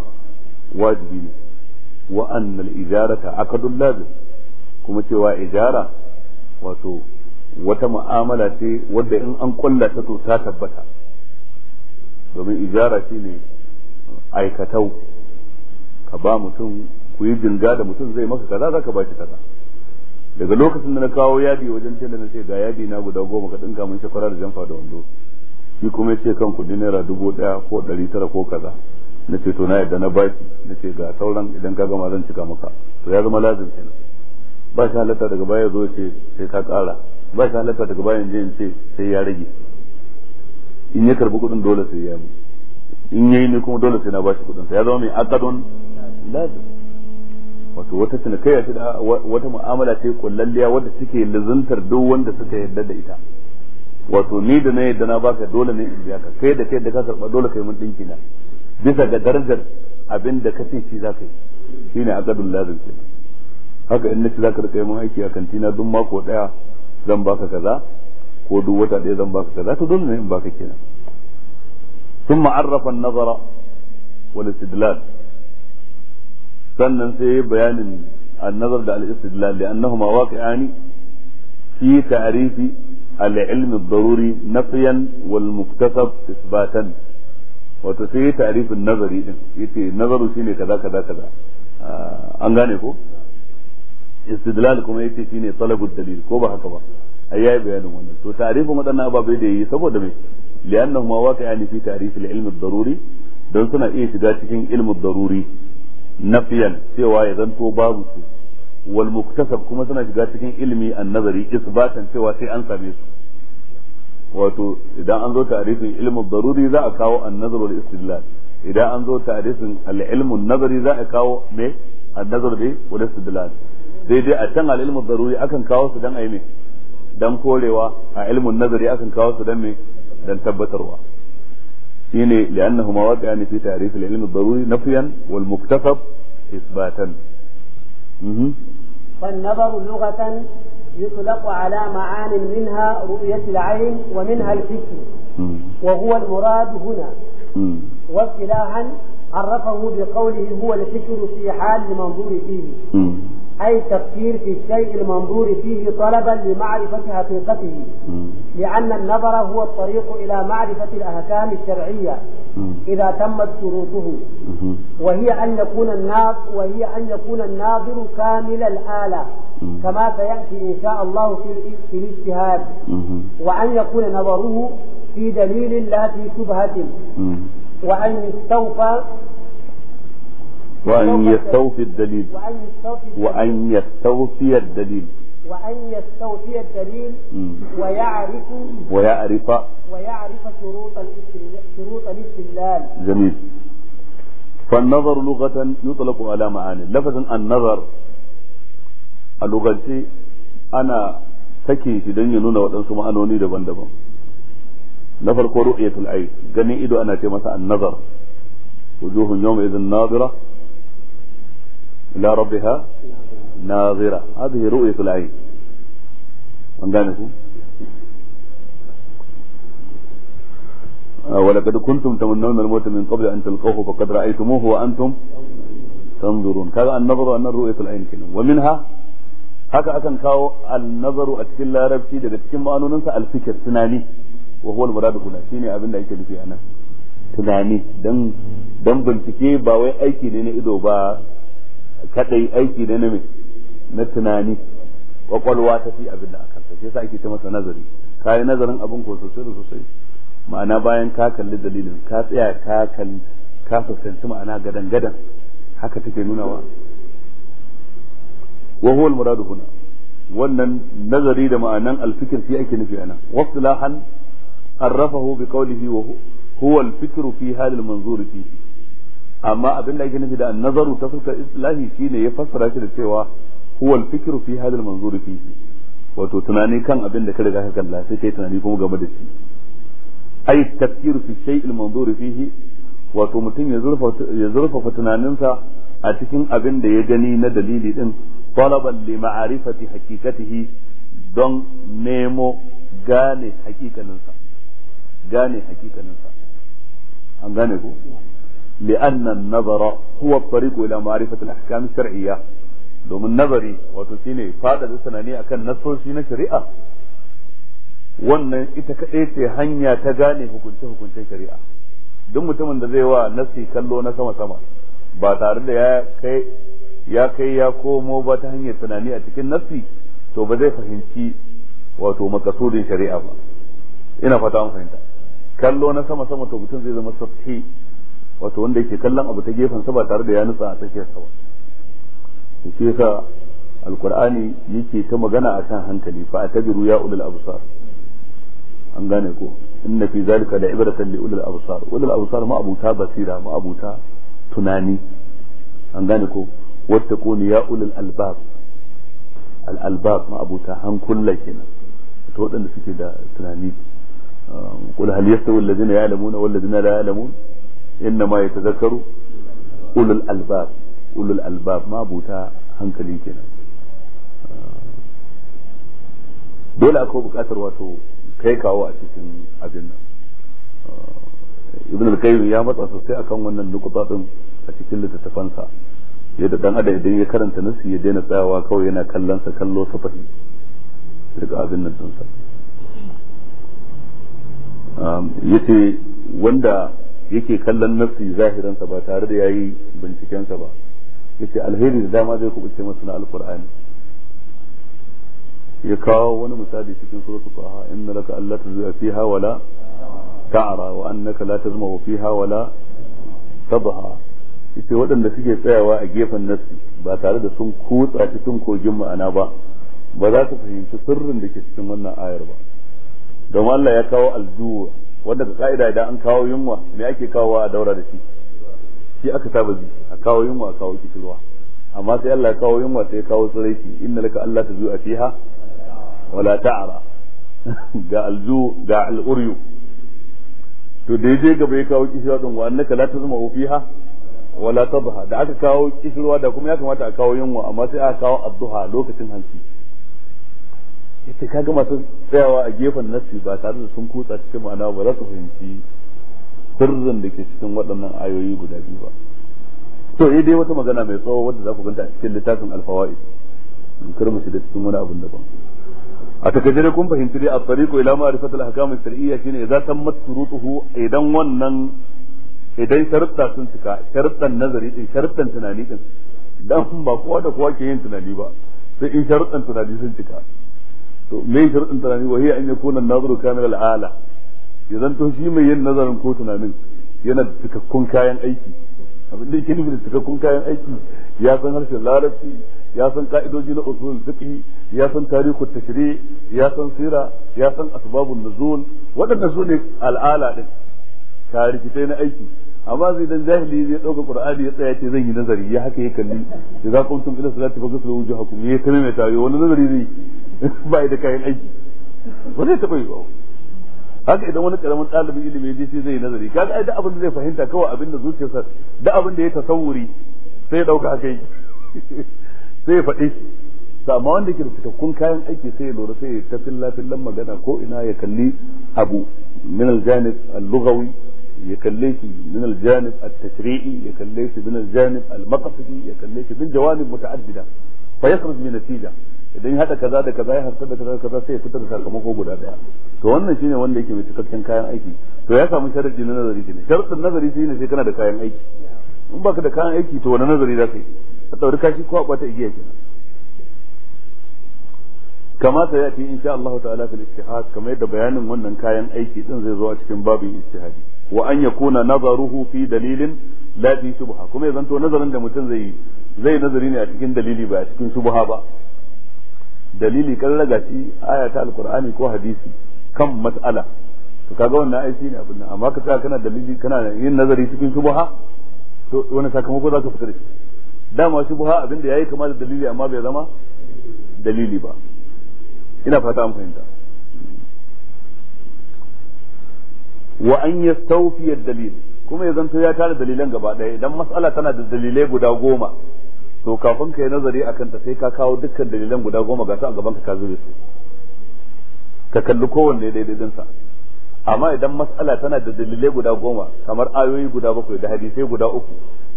wajibi ne wa annal ijarata akadul lazim kuma cewa ijara wato wata mu'amala ce wadda in an kulla ta to ta tabbata domin ijara shi ne aikatau ka ba mutum ku yi jinga da mutum zai maka kaza zaka ba shi kaza daga lokacin da na kawo yadi wajen tela na ce ga yadi na guda goma ka dinka mun shakwara da jamfa da wando shi kuma ya ce kan kuɗi naira dubu ɗaya ko ɗari tara ko kaza na ce to na yadda na shi na ce ga sauran idan ka gama zan cika maka to ya zama lazim kenan ba shi halatta daga baya zo ce sai ka ƙara ba shi halatta daga baya je in ce sai ya rage in ya karbi kuɗin dole sai ya in yayi ne kuma dole sai na bashi kuɗin sa ya zama mai akadon lazim wato wata cinikayya ce da wata mu'amala ce kullalliya wadda take lizantar duk wanda suka yarda da ita wato ni da na yarda na baka dole ne in biya ka kai da kai da ka karba dole kai mun dinki na bisa ga darajar abin da kace shi za ka yi shine aqdul lazim ce haka in nace za ka rika mun aiki a kantina duk mako daya zan baka kaza ko duk wata daya zan baka kaza to dole ne in baka kenan ثم عرف النظر والاستدلال sannan sai bayanin النظر ده الاستدلال لأنهما واقعان في تعريف العلم الضروري نفيا والمكتسب إثباتا wato sai ya tarifin nazari din yace nazaru shine kaza kaza kaza ah, an gane ko istidlal kuma yace shine talabud dalil ko ba haka ba ai yayi bayanin wannan to tarifin wadannan ababai da yi saboda me waqi waqi'ani fi tarif al-ilm ad-daruri dan suna iya shiga cikin ad daruri nafiyan cewa ya zanto babu su wal muktasab kuma suna shiga cikin ilmi an-nazari isbatan cewa sai an same su wato idan an zo ta'arifin ilmin daruri za a kawo an-nazar wal istidlal idan an zo ta'arifin al nazari za a kawo me an-nazar dai wal istidlal sai dai a can al-ilm akan kawo su dan ayi dan korewa a ilmin nazari akan kawo su dan me dan tabbatarwa shine li'annahuma waqi'ani fi ta'rif al-ilm ad-daruri nafyan wal muktasab isbatan فالنظر mhm. لغة يطلق على معان منها رؤية العين ومنها الفكر وهو المراد هنا واصطلاحا عرفه بقوله هو الفكر في حال المنظور فيه أي تفكير في الشيء المنظور فيه طلبا لمعرفة حقيقته لأن النظر هو الطريق إلى معرفة الأحكام الشرعية إذا تمت شروطه وهي أن يكون الناظر وهي أن يكون الناظر كامل الآلة كما سيأتي إن شاء الله في الاجتهاد وأن يكون نظره في دليل لا في شبهة وأن يستوفى وأن يستوفي الدليل وأن يستوفي الدليل وأن يستوفي الدليل وأن يستوفي الدليل ويعرف ويعرف ويعرف شروط شروط الاستدلال جميل فالنظر لغة يطلق على معاني لفظ النظر اللغة أنا سكي shi don ya nuna waɗansu ma'anoni نفر daban na farko ru'yatul أنا ganin ido ana ce masa an إلى ربها ناظرة هذه رؤية العين آه، ولقد كنتم تمنون الموت من قبل أن تلقوه فقد رأيتموه وأنتم تنظرون كذا النظر أن رؤية العين كنا ومنها هكا أكن كاو النظر أتكل لا ربتي دا تكم أنو ننسى الفكر سناني وهو المراد هنا شيني أبن أيك في أنا سناني دم دم بنتكي باوي أيك لين إدو با kadai aiki ne na na tunani kwakwalwa ta fi abin da aka sai yasa ake ta masa nazari ka yi nazarin abin ko sosai da sosai ma'ana bayan ka kalli dalilin ka tsaya ka kalli ka fuskanci ma'ana gadan gadan haka take nunawa wa huwa al-muradu huna wannan nazari da ma'anan al-fikr fi ake nufi ana wasilahan arrafahu bi qawlihi wa huwa al-fikru fi hal al-manzur fihi amma abin da ake nufi da nazaru ta fuskar islahi shine ya fassara shi da cewa huwa al-fikru fi hadha al-manzur fihi wato tunani kan abin da ka riga ka kalla sai kai tunani kuma game da shi ai tafkir fi shay al-manzur fihi wato mutum ya zurfa ya zurfa tunaninsa a cikin abin da ya gani na dalili din talaban li ma'rifati haqiqatihi don nemo gane hakikaninsa gane hakikaninsa an gane ko لأن النظر هو الطريق إلى معرفة الأحكام الشرعية domin nazari wato shine fada da tunani akan nassoshi na shari'a wannan ita kaɗai ce hanya ta gane hukunce hukuncen shari'a duk mutumin da zai wa nassi kallo na sama sama ba tare da ya kai ya kai ya komo ba ta hanyar tunani a cikin nassi to ba zai fahimci wato makasudin shari'a ba ina fata an fahimta kallo na sama sama to mutum zai zama sabti wato wanda yake kallon abu ta gefen sa ba tare da ya nutsa a tsakiyar sa ba shi yasa alqur'ani yake ta magana a kan hankali fa atabiru ya ulul absar an gane ko inna fi zalika la ibratan li ulul absar ulul absar ma abuta basira ma abuta tunani an gane ko wattaquni ya ulul albab al albab ma abuta hankula kenan to waɗanda suke da tunani qul hal yastawi alladhina ya'lamuna wal ladina la ya'lamun innama yatazakkaru ulul albab ulul albab ma buta hankali kenan dole akwai bukatar wato kai kawo a cikin abin nan ibn al-qayyim ya matsa sosai akan wannan nukuta din a cikin littattafansa yadda dan adam idan ya karanta nasi ya daina tsayawa kawai yana kallon sa kallo safahi daga abin nan dinsa yace wanda yake kallon nafsi zahiransa ba tare da yayi bincikensa ba yace alheri da dama zai kubuce masa na alqur'ani ya kawo wani misali cikin suratul taha inna laka alla tazma fiha wala ta'ra wa annaka la tazma fiha wala tabha yace waɗanda suke tsayawa a gefen nafsi ba tare da sun kutsa cikin kogin ma'ana ba ba za su fahimci sirrin da ke cikin wannan ayar ba don Allah ya kawo aljuwa wanda ka ka'ida idan an kawo yunwa me ake kawowa a daura da shi shi aka saba bi a kawo yunwa a kawo kishirwa amma sai Allah ya kawo yunwa sai ya kawo tsiraici inna laka Allah ta zuwa fiha wala ta'ara ga alzu ga al'uryu to da je gaba ya kawo kishirwa din wa annaka la tazma fiha wala tadha da aka kawo kishirwa da kuma ya kamata a kawo yunwa amma sai aka kawo adduha lokacin hanci ka kaga masu tsayawa a gefen nassi ba tare da sun kutsa cikin ma'ana ba za su fahimci sirrin da ke cikin waɗannan ayoyi guda biyu ba to eh dai wata magana mai tsawo wadda za ku ganta a cikin littafin alfawaid in karmu shi da cikin wani abin daban a takaice dai kun fahimci dai a tsariko ila ma'rifati al-ahkam al-shar'iyya shine idza tammat shurutuhu idan wannan idan sharuɗa sun cika sharuɗan nazari din sharuɗan tunani din dan ba kowa da kowa ke yin tunani ba sai in sharuɗan tunani sun cika to me sharadin tunani wa hiya an yakuna an-nazaru kamil al-ala ya zanto shi mai yin nazarin ko tunanin yana da cikakkun kayan aiki abin da yake nufi da cikakkun kayan aiki ya san harshen larabci ya san ka'idoji na usul fiqh ya san tarihu tashri ya san sira ya san asbabun nuzul waɗanda su ne al'ala din tarihi na aiki amma sai dan jahili zai dauka qur'ani ya tsaya ce zan yi nazari ya haka ya kalli da za idza qumtum ila salati faghsilu wujuhakum ya kana mai tayo wani nazari zai ba da kayan aiki ba zai taɓa ba haka idan wani karamin ɗalibin ilimi ya je zai zai nazari kaga ai da abin da zai fahimta kawai abin da zuciyarsa da abin da ya tasawuri sai ya ɗauka haka sai ya faɗi to amma wanda ke da cikakkun kayan aiki sai ya lura sai ya ta fillafillan magana ko ina ya kalli abu min aljanib al-lughawi ya kalle shi min aljanib at-tashri'i ya kalle shi min aljanib al-maqsadi ya kalle shi min jawanib muta'addida fa yakhruj min natija idan ya hada kaza da kaza ya hasar da kaza da kaza sai ya fitar da sakamako guda daya to wannan shine wanda yake mai cikakken kayan aiki to ya samu sharadi na nazari shine sharadin nazari shine sai kana da kayan aiki in baka da kayan aiki to wani nazari za ka yi ka tsauri kashi ko a kwata igiya kenan kama ta yati insha Allah ta'ala fil istihad kamar yadda bayanin wannan kayan aiki din zai zo a cikin babin istihadi wa an yakuna nazaruhu fi dalilin la fi subha kuma ya zanto nazarin da mutum zai yi zai nazari ne a cikin dalili ba a cikin subha ba dalili kan raga shi aya ta alqur'ani ko hadisi kan mas'ala to kaga wannan ai shine abin nan amma ka tsaya kana dalili kana yin nazari cikin shubha to wani sakamako za ka fitar shi dama shubha abin da yayi kama da dalili amma bai zama dalili ba ina fata an fahimta wa an yastawfi ad-dalil kuma ya zanto ya tare dalilan gaba daya idan mas'ala tana da dalilai guda goma to kafin ka yi nazari akan ta sai ka kawo dukkan dalilan guda goma ga a gaban ka ka zube su ka kalli kowanne daidai sa amma idan mas'ala tana da dalilai guda goma kamar ayoyi guda bakwai da hadisai guda uku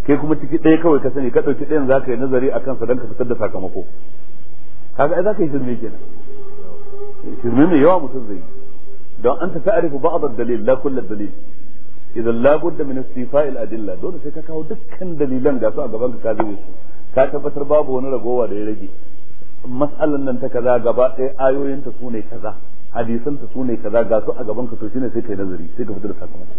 kai kuma ciki ɗaya kawai ka sani ka ɗauki ɗayan za ka yi nazari a kansa don ka fitar da sakamako kaga ai za ka yi shirme kenan shirme mai yawa mutum zai yi don an ta ba a ad-dalil la kulla dalil idan la budda min istifa'il adilla dole sai ka kawo dukkan dalilan ga su a gaban ka ka zube su ka tabbatar babu wani ragowa da ya rage mas'alan nan ta kaza gaba ɗaya ta su ne kaza hadisanta su ne kaza ga su a gaban ka to shine sai kai nazari sai ka fitar da sakamako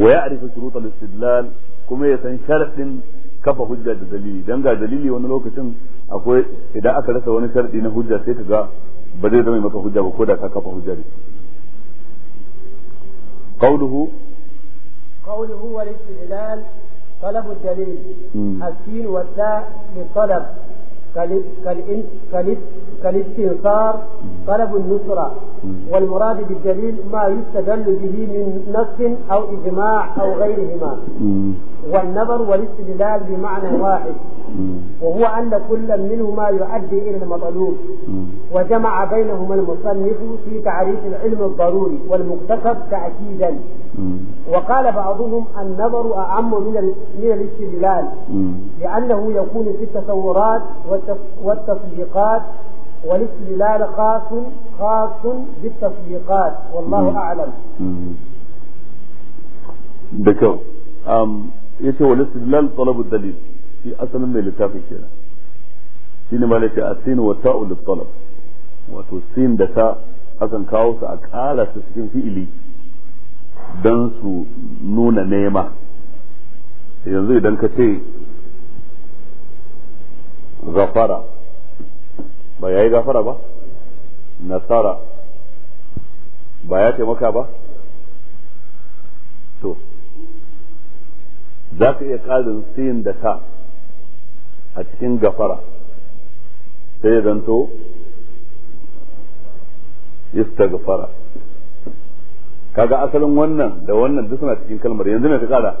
wa ya'rifu shurut al-istidlal kuma ya san sharadin kafa hujja da dalili dan ga dalili wani lokacin akwai idan aka rasa wani sharadi na hujja sai ka ga ba zai zama maka hujja ba ko da ka kafa hujja da qawluhu qawluhu wal istidlal طلب الدليل السين والتاء للطلب كالاستنصار طلب النصرة والمراد بالدليل ما يستدل به من نص أو إجماع أو غيرهما والنظر والاستدلال بمعنى واحد وهو أن كل منهما يؤدي إلى المطلوب وجمع بينهما المصنف في تعريف العلم الضروري والمكتسب تأكيدا وقال بعضهم النظر أعم من من الاستدلال لأنه يكون في التصورات والتصديقات والاستدلال خاص خاص بالتصديقات والله أعلم دكتور yace wal الاستدلال talab الدليل shi asalin mai littafin kenan ne malaka a sin wa ta'u talab wato sin da ta akan kawo su a ƙara su cikin fi'ili don su nuna nema yanzu idan ka ce gafara ba ya yi gafara ba nasara ba ya taimaka ba to za ka iya ƙarin sin da ta a cikin gafara sai ya zanto istaghfara kaga asalin wannan da wannan duk suna cikin kalmar yanzu ne ta kara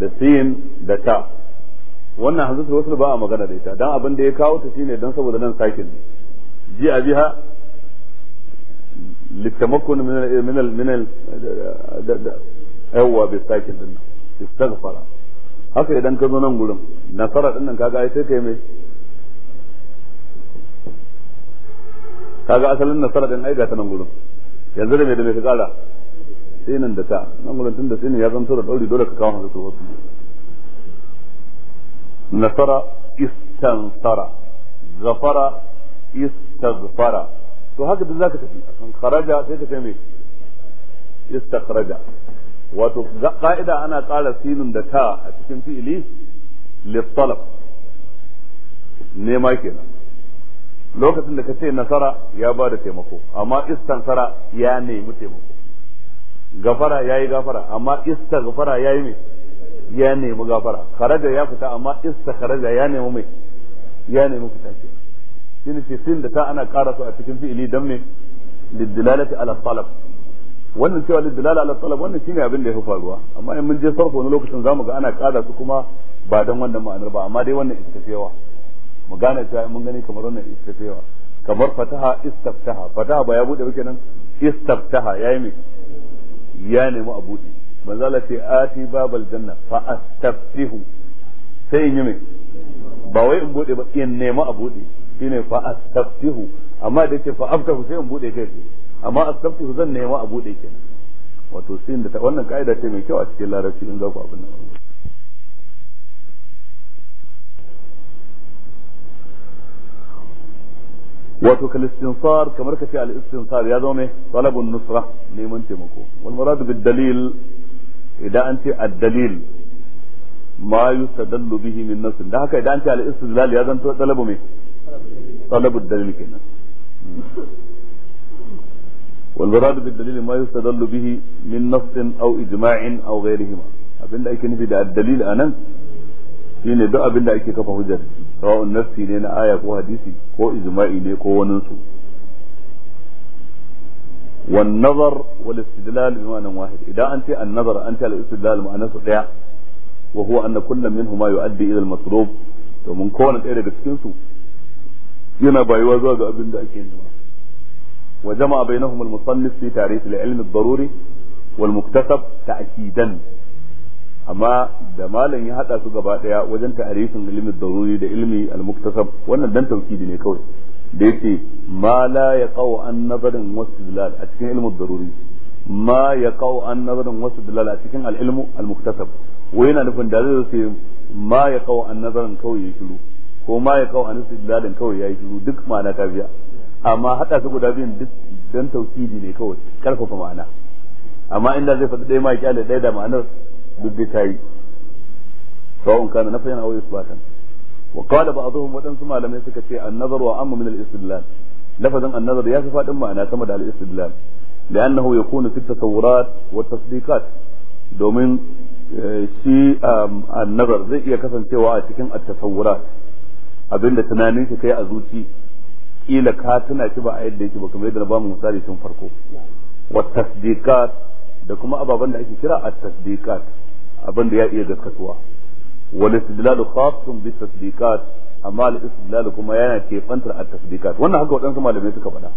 da sin da ta wannan hanzu wasu ba a magana da ita dan abin da ya kawo ta shine don saboda nan sakin ji a biha للتمكن من minal من ال من ال ايوه بالساكن استغفر haka idan ka zo nan gurin nasara din nan kaga ai sai kai mai kaga asalin nasara din ai ga ta nan gurin yanzu da me da me ka kara sinin da ta nan gurin tun da sinin ya zanto da dauri dole ka kawo haka to wasu nasara istansara zafara istaghfara to haka duk zaka tafi kan kharaja sai ka kai mai istakhraja wato ka'ida ana ƙara sinin da ta a cikin fi'ili littalab nema kenan lokacin da ka ce nasara ya ba da taimako amma istansara ya nemi taimako gafara ya yi gafara amma ista gafara ya yi mai ya nemi gafara kharaja ya fita amma ista istakharaja ya nemi mai ya nemi fita ke shine ce sin da ta ana ƙara su a cikin fi'ili dan me lidilalati ala talab wannan cewa da dalala ala talab wannan shine abin da ya fi faruwa amma in mun je sarfa wani lokacin zamu ga ana kada su kuma ba dan wannan ma'anar ba amma dai wannan istafewa mu gane cewa mun gani kamar wannan istafewa kamar fataha istaftaha fataha ba ya bude ba kenan istaftaha yayi me ya nemi a bude manzo Allah ce ati babal janna fa astaftihu sai in yi me ba wai in bude ba in nemi a bude shine fa astaftihu amma da ce fa aftahu sai in bude kai amma astabtu zan nema a bude kenan wato sai da wannan kaida ce mai kyau a cikin larabci in zaku abin nan wato kal istinsar kamar kace al istinsar ya zama ne talabun nusra neman taimako wal murad bil dalil idan an ce ad dalil ma yustadallu bihi min nafs da haka idan an ce al istidlal ya zanto talabu me talabud dalil kenan والمراد بالدليل ما يستدل به من نص أو إجماع أو غيرهما abin da ake nufi da dalil a nan shi ne duk abin da ake kafa hujjar sawa'un nassi ne na aya ko hadisi ko ijma'i ne ko waninsu wan nazar wal istidlal bi ma'anan wahid idan an ce an nazar an ce al istidlal ma'anarsa daya wa huwa anna kullam minhuma yu'addi ila al matlub to mun kowane daya daga cikin su yana bayuwa zuwa ga abin da ake nema وجمع بينهم المصنف في تعريف العلم الضروري والمكتسب تأكيدا amma da malam ya hada su gaba daya wajen ta'arifin ilmi daruri da ilmi al wannan dan tauhidi ne kawai da yace ma la yaqau an nazarin wasdilal a cikin ilmi daruri ma yaqau an nazarin wasdilal a cikin al-ilmu wai yana nufin da zai ce ma yaqau an nazarin kawai ya shiru ko ma an kawai ya shiru duk ma'ana ta biya amma haɗa su guda biyun duk don tausidi ne kawai ƙarfafa ma'ana amma inda zai faɗi ɗaya ma kyale ɗaya da ma'anar duk dai tayi sawa'un kana nafiyan aw isbatan wa qala ba'dhum waɗansu malamai suka ce an-nazar wa amma min al-istidlal lafazin an-nazar ya fi faɗin ma'ana sama da al-istidlal لأنه يكون في التصورات والتصديقات domin eh, shi nazar zai iya kasancewa a cikin at-tasawurat abinda tunanin shi kai a zuci kila ka tuna shi ba a yadda yake ba kamar yadda na bamu misali tun farko wa tasdiqat da kuma ababen da ake kira at tasdiqat abin da ya iya gaskatuwa wal istidlal khassun bi tasdiqat amma al istidlal kuma yana kefantar at tasdiqat wannan haka waɗansu malamai suka faɗa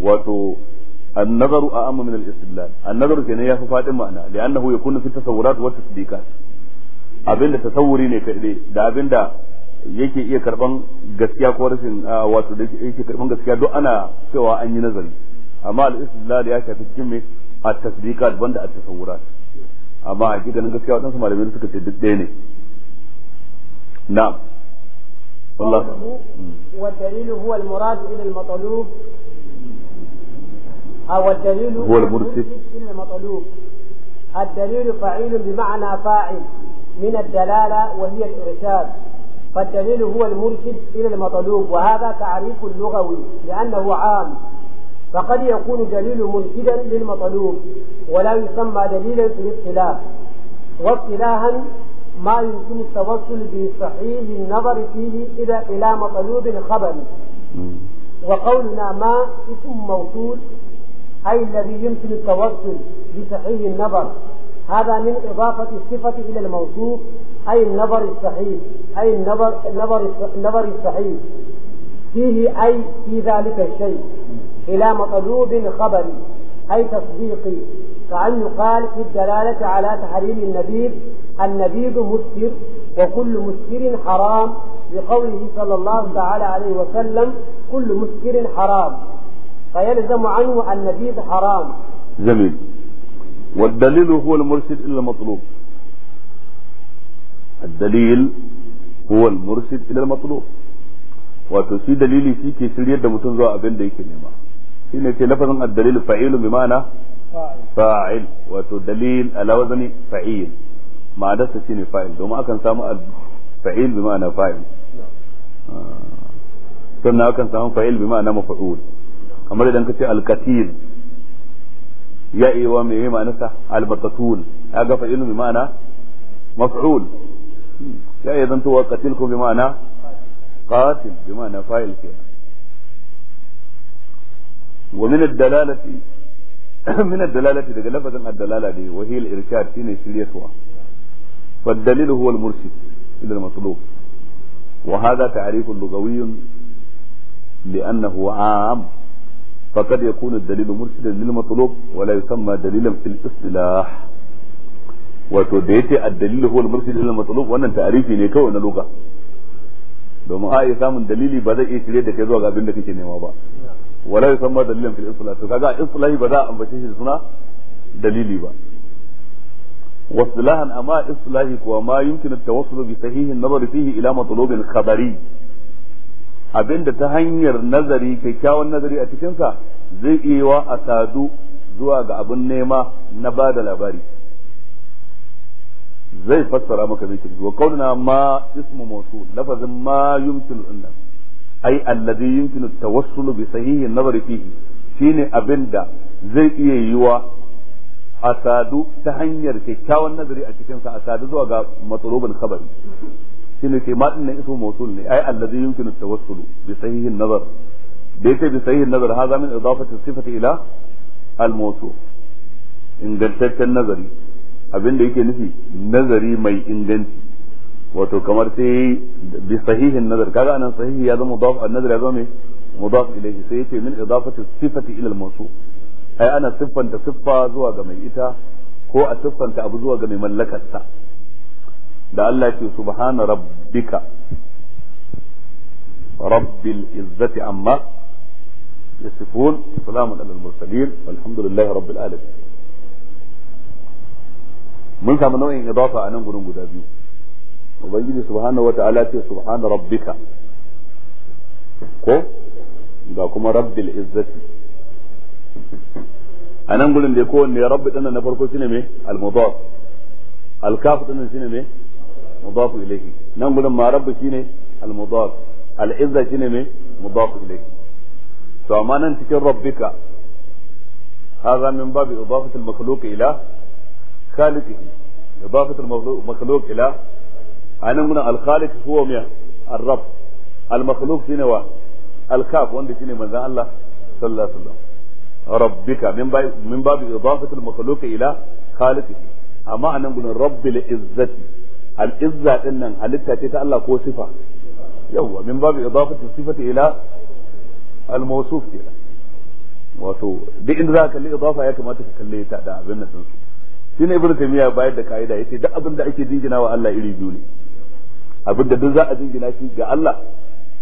wato Al-Nazaru a النظر أعم من الاستدلال النظر كنا يا فاتن معنى لأنه يكون في التصورات والتصديقات abin Abinda tasawuri ne kaɗai da abinda. yake iya karban gaskiya ko rashin ah, wato da yake karban gaskiya duk ana cewa an yi nazari amma al-istidlal ya shafi cikin me at-tasdiqat banda at-tasawurat amma a ganin gaskiya wadansu malamai suka ce duk ɗaya ne na'am والله والدليل هو المراد إلى المطلوب أو الدليل هو المرسل إلى المطلوب الدليل فعيل بمعنى فاعل من الدلالة وهي الإرشاد فالدليل هو المرشد إلى المطلوب وهذا تعريف لغوي لأنه عام فقد يكون دليل مرشدا للمطلوب ولا يسمى دليلا في الاصطلاح واصطلاحا ما يمكن التوصل بصحيح النظر فيه إذا إلى مطلوب خبري وقولنا ما اسم موصول أي الذي يمكن التوصل بصحيح النظر هذا من إضافة الصفة إلى الموصوف أي النظر الصحيح أي النظر النظر النظر الصحيح فيه أي في ذلك الشيء إلى مطلوب خبري أي تصديقي كأن يقال في الدلالة على تحريم النبيذ النبيذ مسكر وكل مسكر حرام لقوله صلى الله تعالى عليه وسلم كل مسكر حرام فيلزم عنه النبيذ حرام جميل والدليل هو المرشد إلى المطلوب الدليل هو المرشد إلى المطلوب wato shi dalili shi ke shiryar da mutum zuwa abin da yake nema shi ne ce lafazin addalil fa'ilu bi ma'ana fa'il wato dalil ala wazni fa'il ma'adarsa shi ne fa'il domin akan samu fa'il bi ma'ana fa'il sannan akan samu fa'il bi ma'ana mafa'ul kamar idan ka ce alkatil ya iya wa mai ya ga fa'ilun ma'ana ya iya zantowa qatilku bi ma'ana qatil bi ma'ana fa'il kenan wa min ad-dalalati min ad-dalalati daga lafazin ad-dalala dai wa hiya al-irshad shine shiryatwa fa ad-dalil huwa al-murshid ila al-matlub wa hadha ta'rif lughawi لأنه عام فقد يكون الدليل مرشدا للمطلوب ولا يسمى دليلا في الاصطلاح wato da yace ad-dalil huwa al-mursil ila al-matlub wannan ta'arifi ne kawai na luga domin a iya samun dalili ba zai iya shirye da kai zuwa ga abin da kake nema ba wala yusamma dalilan fil islah to kaga islahi ba za a ambace shi da suna dalili ba واصطلاحا اما اصلاحي وما يمكن التوصل بصحيح النظر فيه الى مطلوب Abin abinda ta hanyar nazari kyakkyawan nazari a cikinsa zai iya wa asadu zuwa ga abin nema na ba da labari zai fassara maka zai kirki wa kaunina ma ismu mawsul lafazin ma yumkinu inna ai alladhi yumkinu tawassulu bi sahihi nazari fihi shine abinda zai iya yiwa a sadu ta hanyar kyakkyawan nazari a cikin sa a sadu zuwa ga matsalobin khabari shine ke ma dinnan ismu mawsul ne ai alladhi yumkinu tawassulu bi sahihi nazar da yake bi sahihi nazar haza min idafati sifati ila al mawsul ingantaccen nazari abin da yake nufi nazari mai inganci wato kamar sai bi sahihin nazar kaga anan sahihi ya zama mudaf an nazar ya zama mudaf ilayhi sai yace min idafati sifati ila al mawsu ai ana siffanta siffa zuwa ga mai ita ko a siffanta abu zuwa ga mai mallakarsa da Allah ce subhana rabbika rabbil izzati amma yasifun salamun alal mursalin walhamdulillahi rabbil alamin mun samu nau'in idafa a nan gurin guda biyu ubangiji subhanahu wata'ala ce subhana rabbika ko ga kuma rabbil izzati a nan gurin da kowanne rabbi ɗin na farko shine me al-mudaf al-kaf ɗin shine me mudaf ilayhi nan gurin ma rabbi shine al-mudaf al-izza shine me mudaf ilayhi to amma nan cikin rabbika hadha min babi idafati al-makhluq ila خالقه إضافة المخلوق إلى أنا من الخالق هو من الرب المخلوق شنو الكاف وند شنو من الله صلى الله عليه وسلم ربك من باب من باب إضافة المخلوق إلى خالقه أما أنا من الرب لعزة العزة إن هل تيتا الله كو صفة يوه من باب إضافة الصفة إلى الموصوف إلى wato duk inda za ka kalli idafa ya kamata ka shi ne ibnu taymiya bayar da kaida yace duk abin da ake jingina wa Allah iri biyu ne abin da duk za a jingina shi ga Allah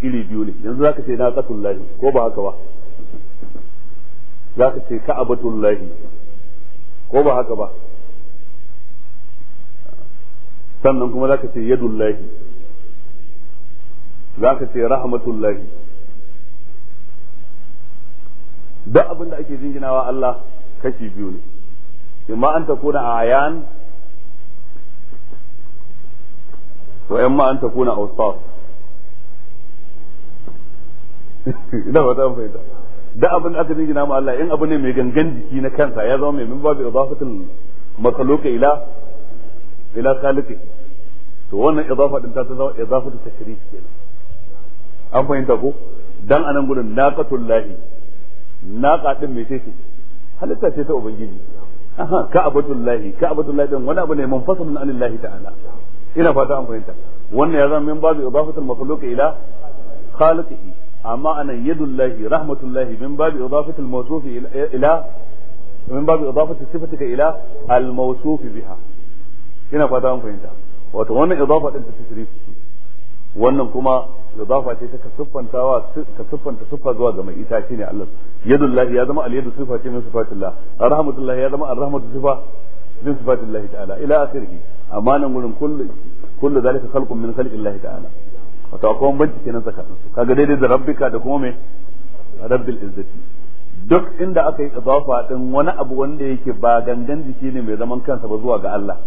iri biyu ne yanzu zaka ce na lahi ko ba haka ba zaka ce ka'abatul lahi ko ba haka ba sannan kuma zaka ce yadullahi zaka ce rahmatullahi duk abin da ake jinginawa Allah kashi biyu ne imma an takuna ayan wa imma an takuna awsaf ina ba ta fahimta da abin da aka jingina mu Allah in abu ne mai gangan jiki na kansa ya zama mai min babu idafatul makhluq ila ila khaliqi to wannan idafa din ta zama idafatul tashrif kenan an fahimta ko dan anan gurin naqatul lahi naqa din mai ce halitta ce ta ubangiji aha ka'abatullahi ka'abatullahi din wani abu ne munfasalun anillahi ta'ala ina fata an fahimta wannan ya zama min babu idafatul makhluq ila khaliqihi amma anan yadullahi rahmatullahi min babu idafatul mawsuf ila min babu idafatul ka ila al mawsuf biha ina fata an fahimta wato wannan idafa din ta tashrif wannan kuma idafa ce ta kasuffantawa ka suffanta suffa zuwa ga mai ita shine Allah yadullahi ya zama al-yadu sifa ce min sifatillah arhamatullahi ya zama arhamatu sifa min sifatillahi ta'ala ila akhirih amma nan gurin kullu kullu zalika khalqun min khalqillahi ta'ala wato akwai banci kenan tsakanin su kaga daidai da rabbika da kuma me rabbil izzati duk inda aka yi idafa din wani abu wanda yake ba gangan jiki ne mai zaman kansa ba zuwa ga Allah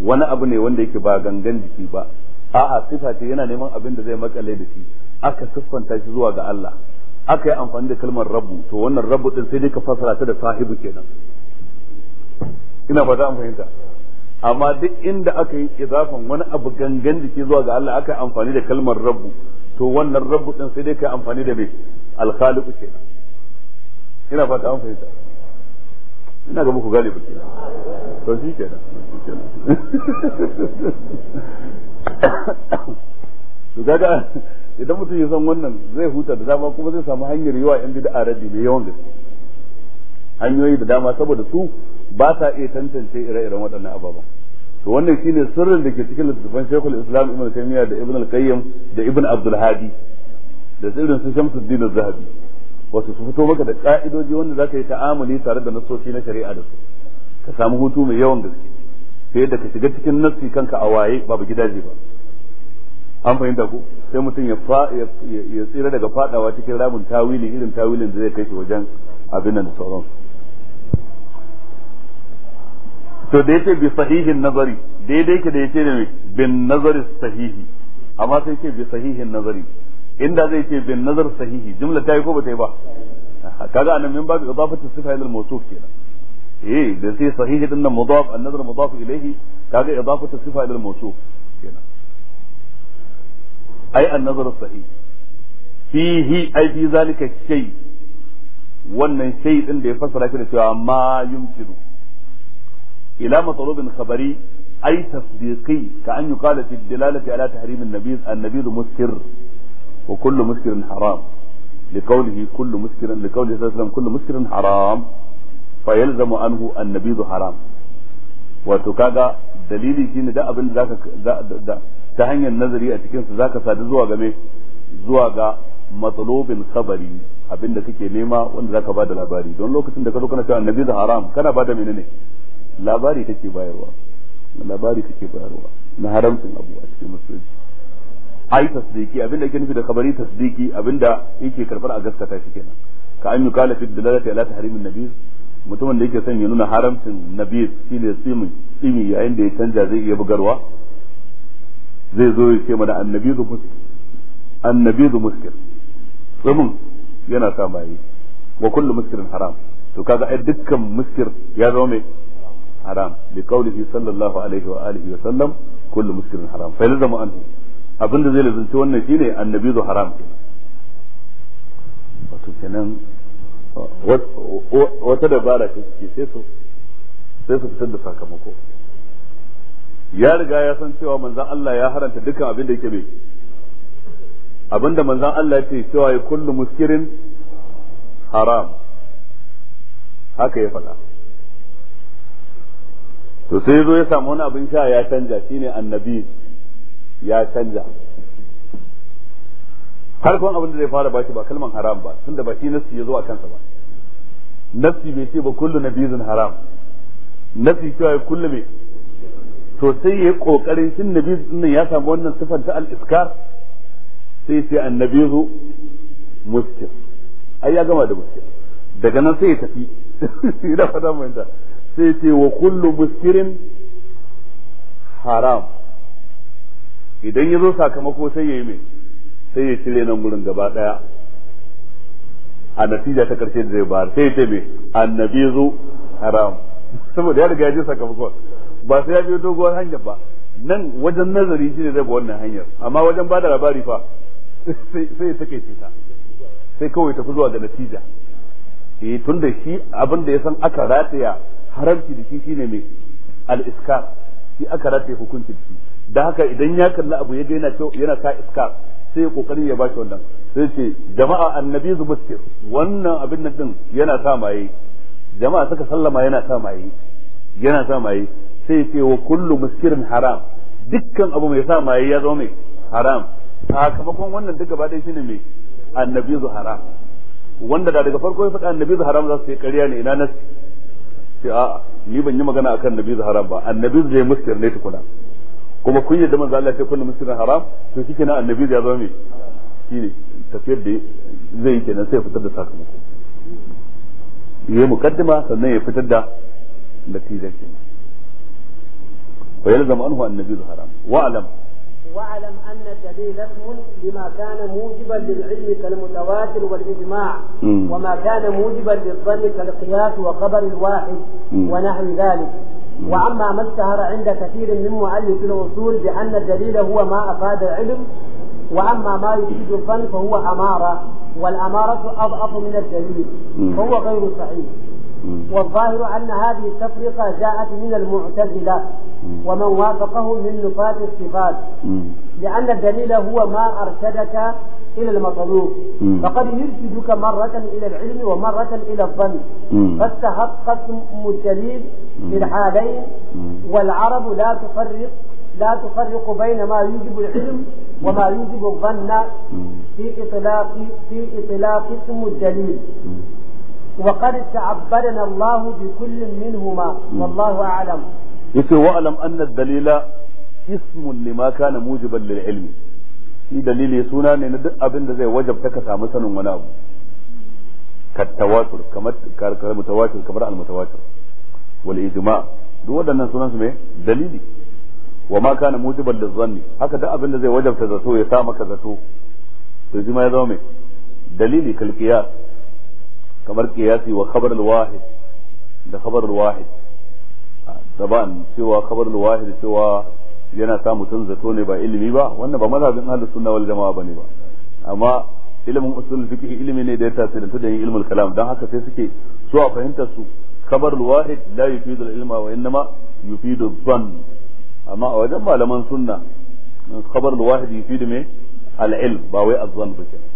wani abu ne wanda yake ba gangan jiki ba a'a sifa ce yana neman abin da zai makale da shi aka siffanta shi zuwa ga Allah aka yi amfani da kalmar rabu to wannan rabu din sai dai ka fasara ta da sahibu kenan ina fata an fahimta amma duk inda aka yi izafan wani abu gangan jiki zuwa ga Allah aka yi amfani da kalmar rabu to wannan rabu din sai dai ka yi amfani da me alkhaliq kenan ina fata an fahimta ina ga muku galibi kenan to shi kenan su idan mutum ya san wannan zai huta da dama kuma zai samu hanyar yawa yan bid'a rabi mai yawan gaske hanyoyi da dama saboda su ba sa iya tantance ire-iren waɗannan ababen to wannan shine sirrin da ke cikin littattafan shekul Islam Ibn Taymiyyah da Ibn Al-Qayyim da Ibn Abdul Hadi da sirrin su Shamsuddin Az-Zahabi wasu su fito maka da ka'idoji wanda zaka yi ta'amuli tare da nasoshi na shari'a da su ka samu hutu mai yawan gaske sai da ka shiga cikin nassi kanka a waye babu gidaje ba an fahimta ko sai mutum ya ya tsira daga fadawa cikin ramin tawili irin tawilin da zai kai shi wajen abin nan da sauran to da yace bi sahihin nazari daidai ke da yace ne bin nazari sahihi amma sai ce bi sahihin nazari inda zai ce bin nazar sahihi jumla ta yi ko ba ta yi ba kaga anan min babu idafatu sifa ila al-mawsuf kenan eh da sai sahihi din nan mudaf annadar mudaf ilayhi kaga idafatu sifa ila al-mawsuf kenan ai annadar sahih fihi ai fi zalika shay wannan shay din da ya fassara shi da cewa ma yumkinu ila matalubin khabari ai tasdiqi ka an yuqala fi dilalati ala tahrim an-nabiz an-nabiz muskir wa kullu muskirin haram لقوله كل مسكر لقوله صلى الله عليه وسلم كل مسكر حرام fa yalzamu anhu annabidu haram wato kaga dalili shine da abin da zaka ta hanyar nazari a cikin su zaka sadu zuwa game zuwa ga matsalobin khabari abinda kake nema wanda zaka bada labari don lokacin da ka zo kana cewa annabi haram kana bada menene labari kake bayarwa labari kake bayarwa na haramcin abu a cikin musulunci ai tasdiki abinda yake nufi da khabari tasdiki abinda yake karbar a gaskata shi kenan ka an yukala fi dalalati ala tahrimin nabiy mutumin da yake son ya nuna haramcin shi ne tsimi tsimi yayin da ya canja zai iya bugarwa zai zo ya ce mana annabizu muskil annabizu muskil tsumin yana sa maye wa kullu muskilin haram to kaga ai dukkan muskir ya zama mai haram li qawlihi sallallahu alaihi wa alihi wa sallam kullu muskirin haram fa lazama anhu abinda zai lazanci wannan shine annabizu haram wato kenan wata dabara ce suke sai su fitar da sakamako ya riga ya san cewa manzan Allah ya haranta dukkan abin da yake mai da manzan Allah ya ce cewa ya kullu muskirin haram haka ya faɗa to sai zo ya samu wani abin sha ya canja shine annabi ya canja kuma abin da zai fara bashi ba kalman haram ba tunda ba shi nassi ya zo a kansa ba nassi bai ce ba kullu nabizun haram nassi cewa ya kullu bai to sai ya kokarin shin nabiz din ya samu wannan sifar ta al-iskar sai sai annabizu muskir ai ya gama da muskir daga nan sai ya tafi ina fata mai sai ce wa kullu muskirin haram idan ya zo sakamako sai ya yi mai sai ya cire nan gurin gaba daya a natija ta karshe da zai bayar sai ya ce me annabi zu haram saboda ya riga ya je sakamakon ba sai ya biyo doguwar hanyar ba nan wajen nazari shine zai ba wannan hanyar amma wajen da labari fa sai ya take ta sai kawai tafi zuwa ga natija eh tunda shi abin da ya san aka rataya haramci da shi shine me al-iskar shi aka rataya da shi da haka idan ya kalli abu ya ga yana yana sa iskar sai kokarin ya bashi wannan sai ce jama'a annabi muskir wannan abin nan din yana sa maye jama'a suka sallama yana sa maye yana sa maye sai ce wa kullu muskirin haram dukkan abu mai sa maye ya zama mai haram sakamakon wannan duk gaba ɗaya shine mai annabi zu haram wanda da daga farko ya faɗa annabi zu haram za su yi ƙarya ne ina nasi ce a ni ban yi magana akan annabi zu haram ba annabi zu muskir ne tukuna kuma kun yadda manzo Allah ya kunna musirin haram to shike na annabi zai zama me shine tafiyar da zai yi kenan sai ya fitar da sakamako yayi mukaddima sannan ya fitar da natija kenan fa yalzam anhu annabi haram wa alam واعلم ان الدليل اسم لما كان موجبا للعلم كالمتواتر والاجماع وما كان موجبا للظن كالقياس وخبر الواحد ونحو ذلك وأما ما اشتهر عند كثير من مؤلف الأصول بأن الدليل هو ما أفاد العلم وأما ما يفيد الفن فهو أمارة والأمارة أضعف من الدليل فهو غير صحيح والظاهر أن هذه التفرقة جاءت من المعتزلة ومن وافقه من نفاة الصفات لأن الدليل هو ما أرشدك إلى المطلوب فقد يرشدك مرة إلى العلم ومرة إلى الظن فاستحقت الدليل في الحالين والعرب لا تفرق لا تفرق بين ما يوجب العلم وما يوجب الظن في إطلاق في إطلاق اسم الدليل وقد تعبدنا الله بكل منهما والله أعلم يسي وأعلم أن الدليل اسم لما كان موجبا للعلم في دليل يسونا ندق أبن زي وجب تكسى مثلا وناب كالتواتر كالمتواتر كبراء المتواتر والإجماع duk waɗannan sunan su ne dalili wa ma kana mujiban lizzanni haka da abin da zai wajabta zato ya sa maka zato to shi ma ya zama mai dalili kalkiya kamar qiyasi wa khabar al-wahid da khabar al-wahid ah, daban cewa khabar al-wahid cewa yana sa mutum zato ne ba ilimi ba wannan ba mazhabin ahlus sunna wal jamaa bane ba amma ilimin usul fiqh ilimi ne da ya tasiri da yin ilmul kalam dan haka sai suke so a fahimtar su khabar al-wahid la yufidu al-ilma wa innama yufidu dhann amma a wajen malaman sunna khabar al-wahid yufidu me al-ilm ba wai az-dhann ba kenan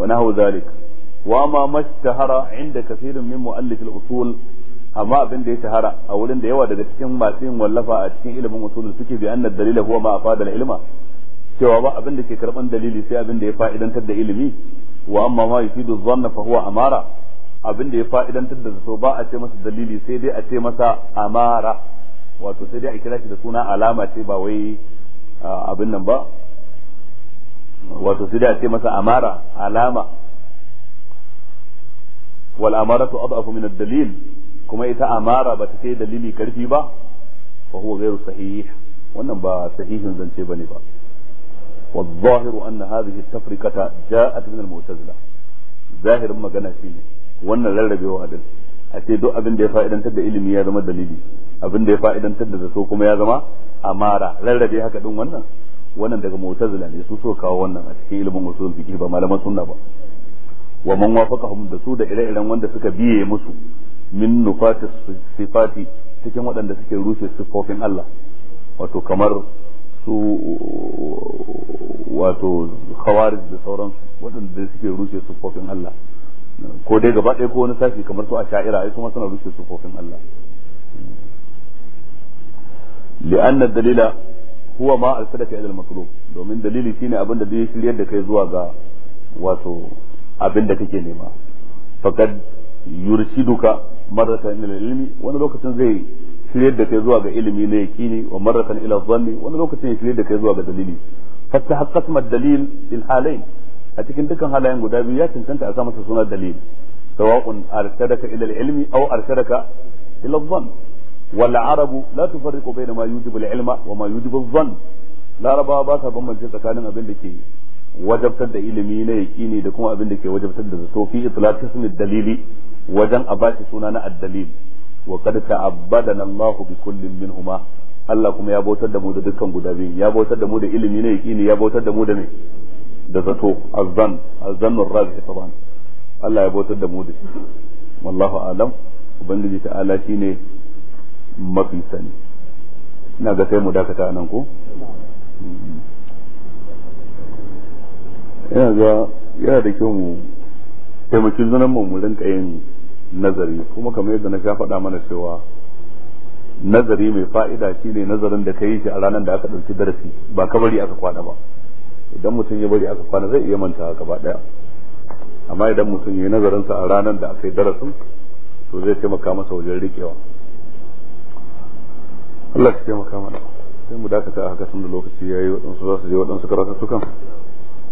wa nahwu dhalika وما ما اشتهر عند كثير من مؤلف الأصول amma abin da ya shahara a wurin da yawa daga cikin masu yin wallafa a cikin ilimin usulul suke bi anna dalila huwa ma afada ilma cewa ba abin da ke karban dalili sai abin da ya fa'idantar da ilimi wa amma ma yufidu dhanna fa huwa amara abin da ya fa'idantar da zato ba a ce masa dalili sai dai a ce masa amara wato sai dai a kira shi da suna alama ce ba wai abin nan ba wato sai dai a ce masa amara alama Wal'amaratu amaratu adhafu min ad-dalil kuma ita amara ba ta kai dalili karfi ba fa huwa ghairu wannan ba sahihin zance bane ba والظاهر أن هذه التفرقة جاءت من المعتزلة ظاهر ما قال شيء وأن للربي وعدل أتي دو أبن دي فائدا تبدا إلمي يا زما دليلي أبن دي فائدا تبدا سوكم يا زما أمارة للربي هكا دون wannan wannan daga mu'tazila ne su so kawo wannan a cikin ilimin usul fiqh ba malaman sunna wa man wafaqahum da su da ire-iren wanda suka biye musu min nufati sifati cikin waɗanda suke rushe siffofin Allah wato kamar su wato khawarij da sauransu waɗanda suke rushe siffofin Allah ko dai gaba ɗaya ko wani sashi kamar su a sha'ira ai kuma suna rushe siffofin Allah li'anna dalila huwa ma al-sadaka ila al-matlub domin dalili shine abin da zai shiryar da kai zuwa ga wato abin da kake nema faqad yurshiduka marratan ila ilmi wani lokacin zai shiryar da kai zuwa ga ilimi na yakini wa marratan ila dhanni wani lokacin shiryar da kai zuwa ga dalili fastahaqqat mad dalil lil a cikin dukkan halayen guda biyu ya cancanta a sa masa sunan dalil sawa'un arshadaka ila ilmi aw arshadaka ila dhann wal arabu la tufarriqu bayna ma yujibu al ilma wa ma yujibu al dhann larabawa ba sa bambance tsakanin abin da ke wajabtar da ilimi na yaqini da kuma abin da ke wajabtar da zato fi itlaqi ismi dalili wajen a bashi suna na ad-dalil wa qad ta'abbada Allahu bi kullin minhuma Allah kuma ya bautar da mu da dukkan guda biyu ya bautar da mu da ilimi na yaqini ya bautar da mu da me da zato azan ar razi taban Allah ya bautar da mu da wallahu alam ubangiji ta'ala shine mafi sani ina ga sai mu dakata nan ko yana ga yana da kyau mu taimakin zanen mu rinka yin nazari kuma kamar yadda na sha faɗa mana cewa nazari mai fa'ida ne nazarin da ka yi shi a ranar da aka ɗauki darasi ba ka bari aka kwana ba idan mutum ya bari aka kwana zai iya manta gaba ɗaya amma idan mutum ya yi nazarinsa a ranar da aka yi darasin to zai taimaka masa wajen riƙewa Allah ya taimaka mana sai mu dakata a haka tun da lokaci ya yi waɗansu za su je waɗansu kan.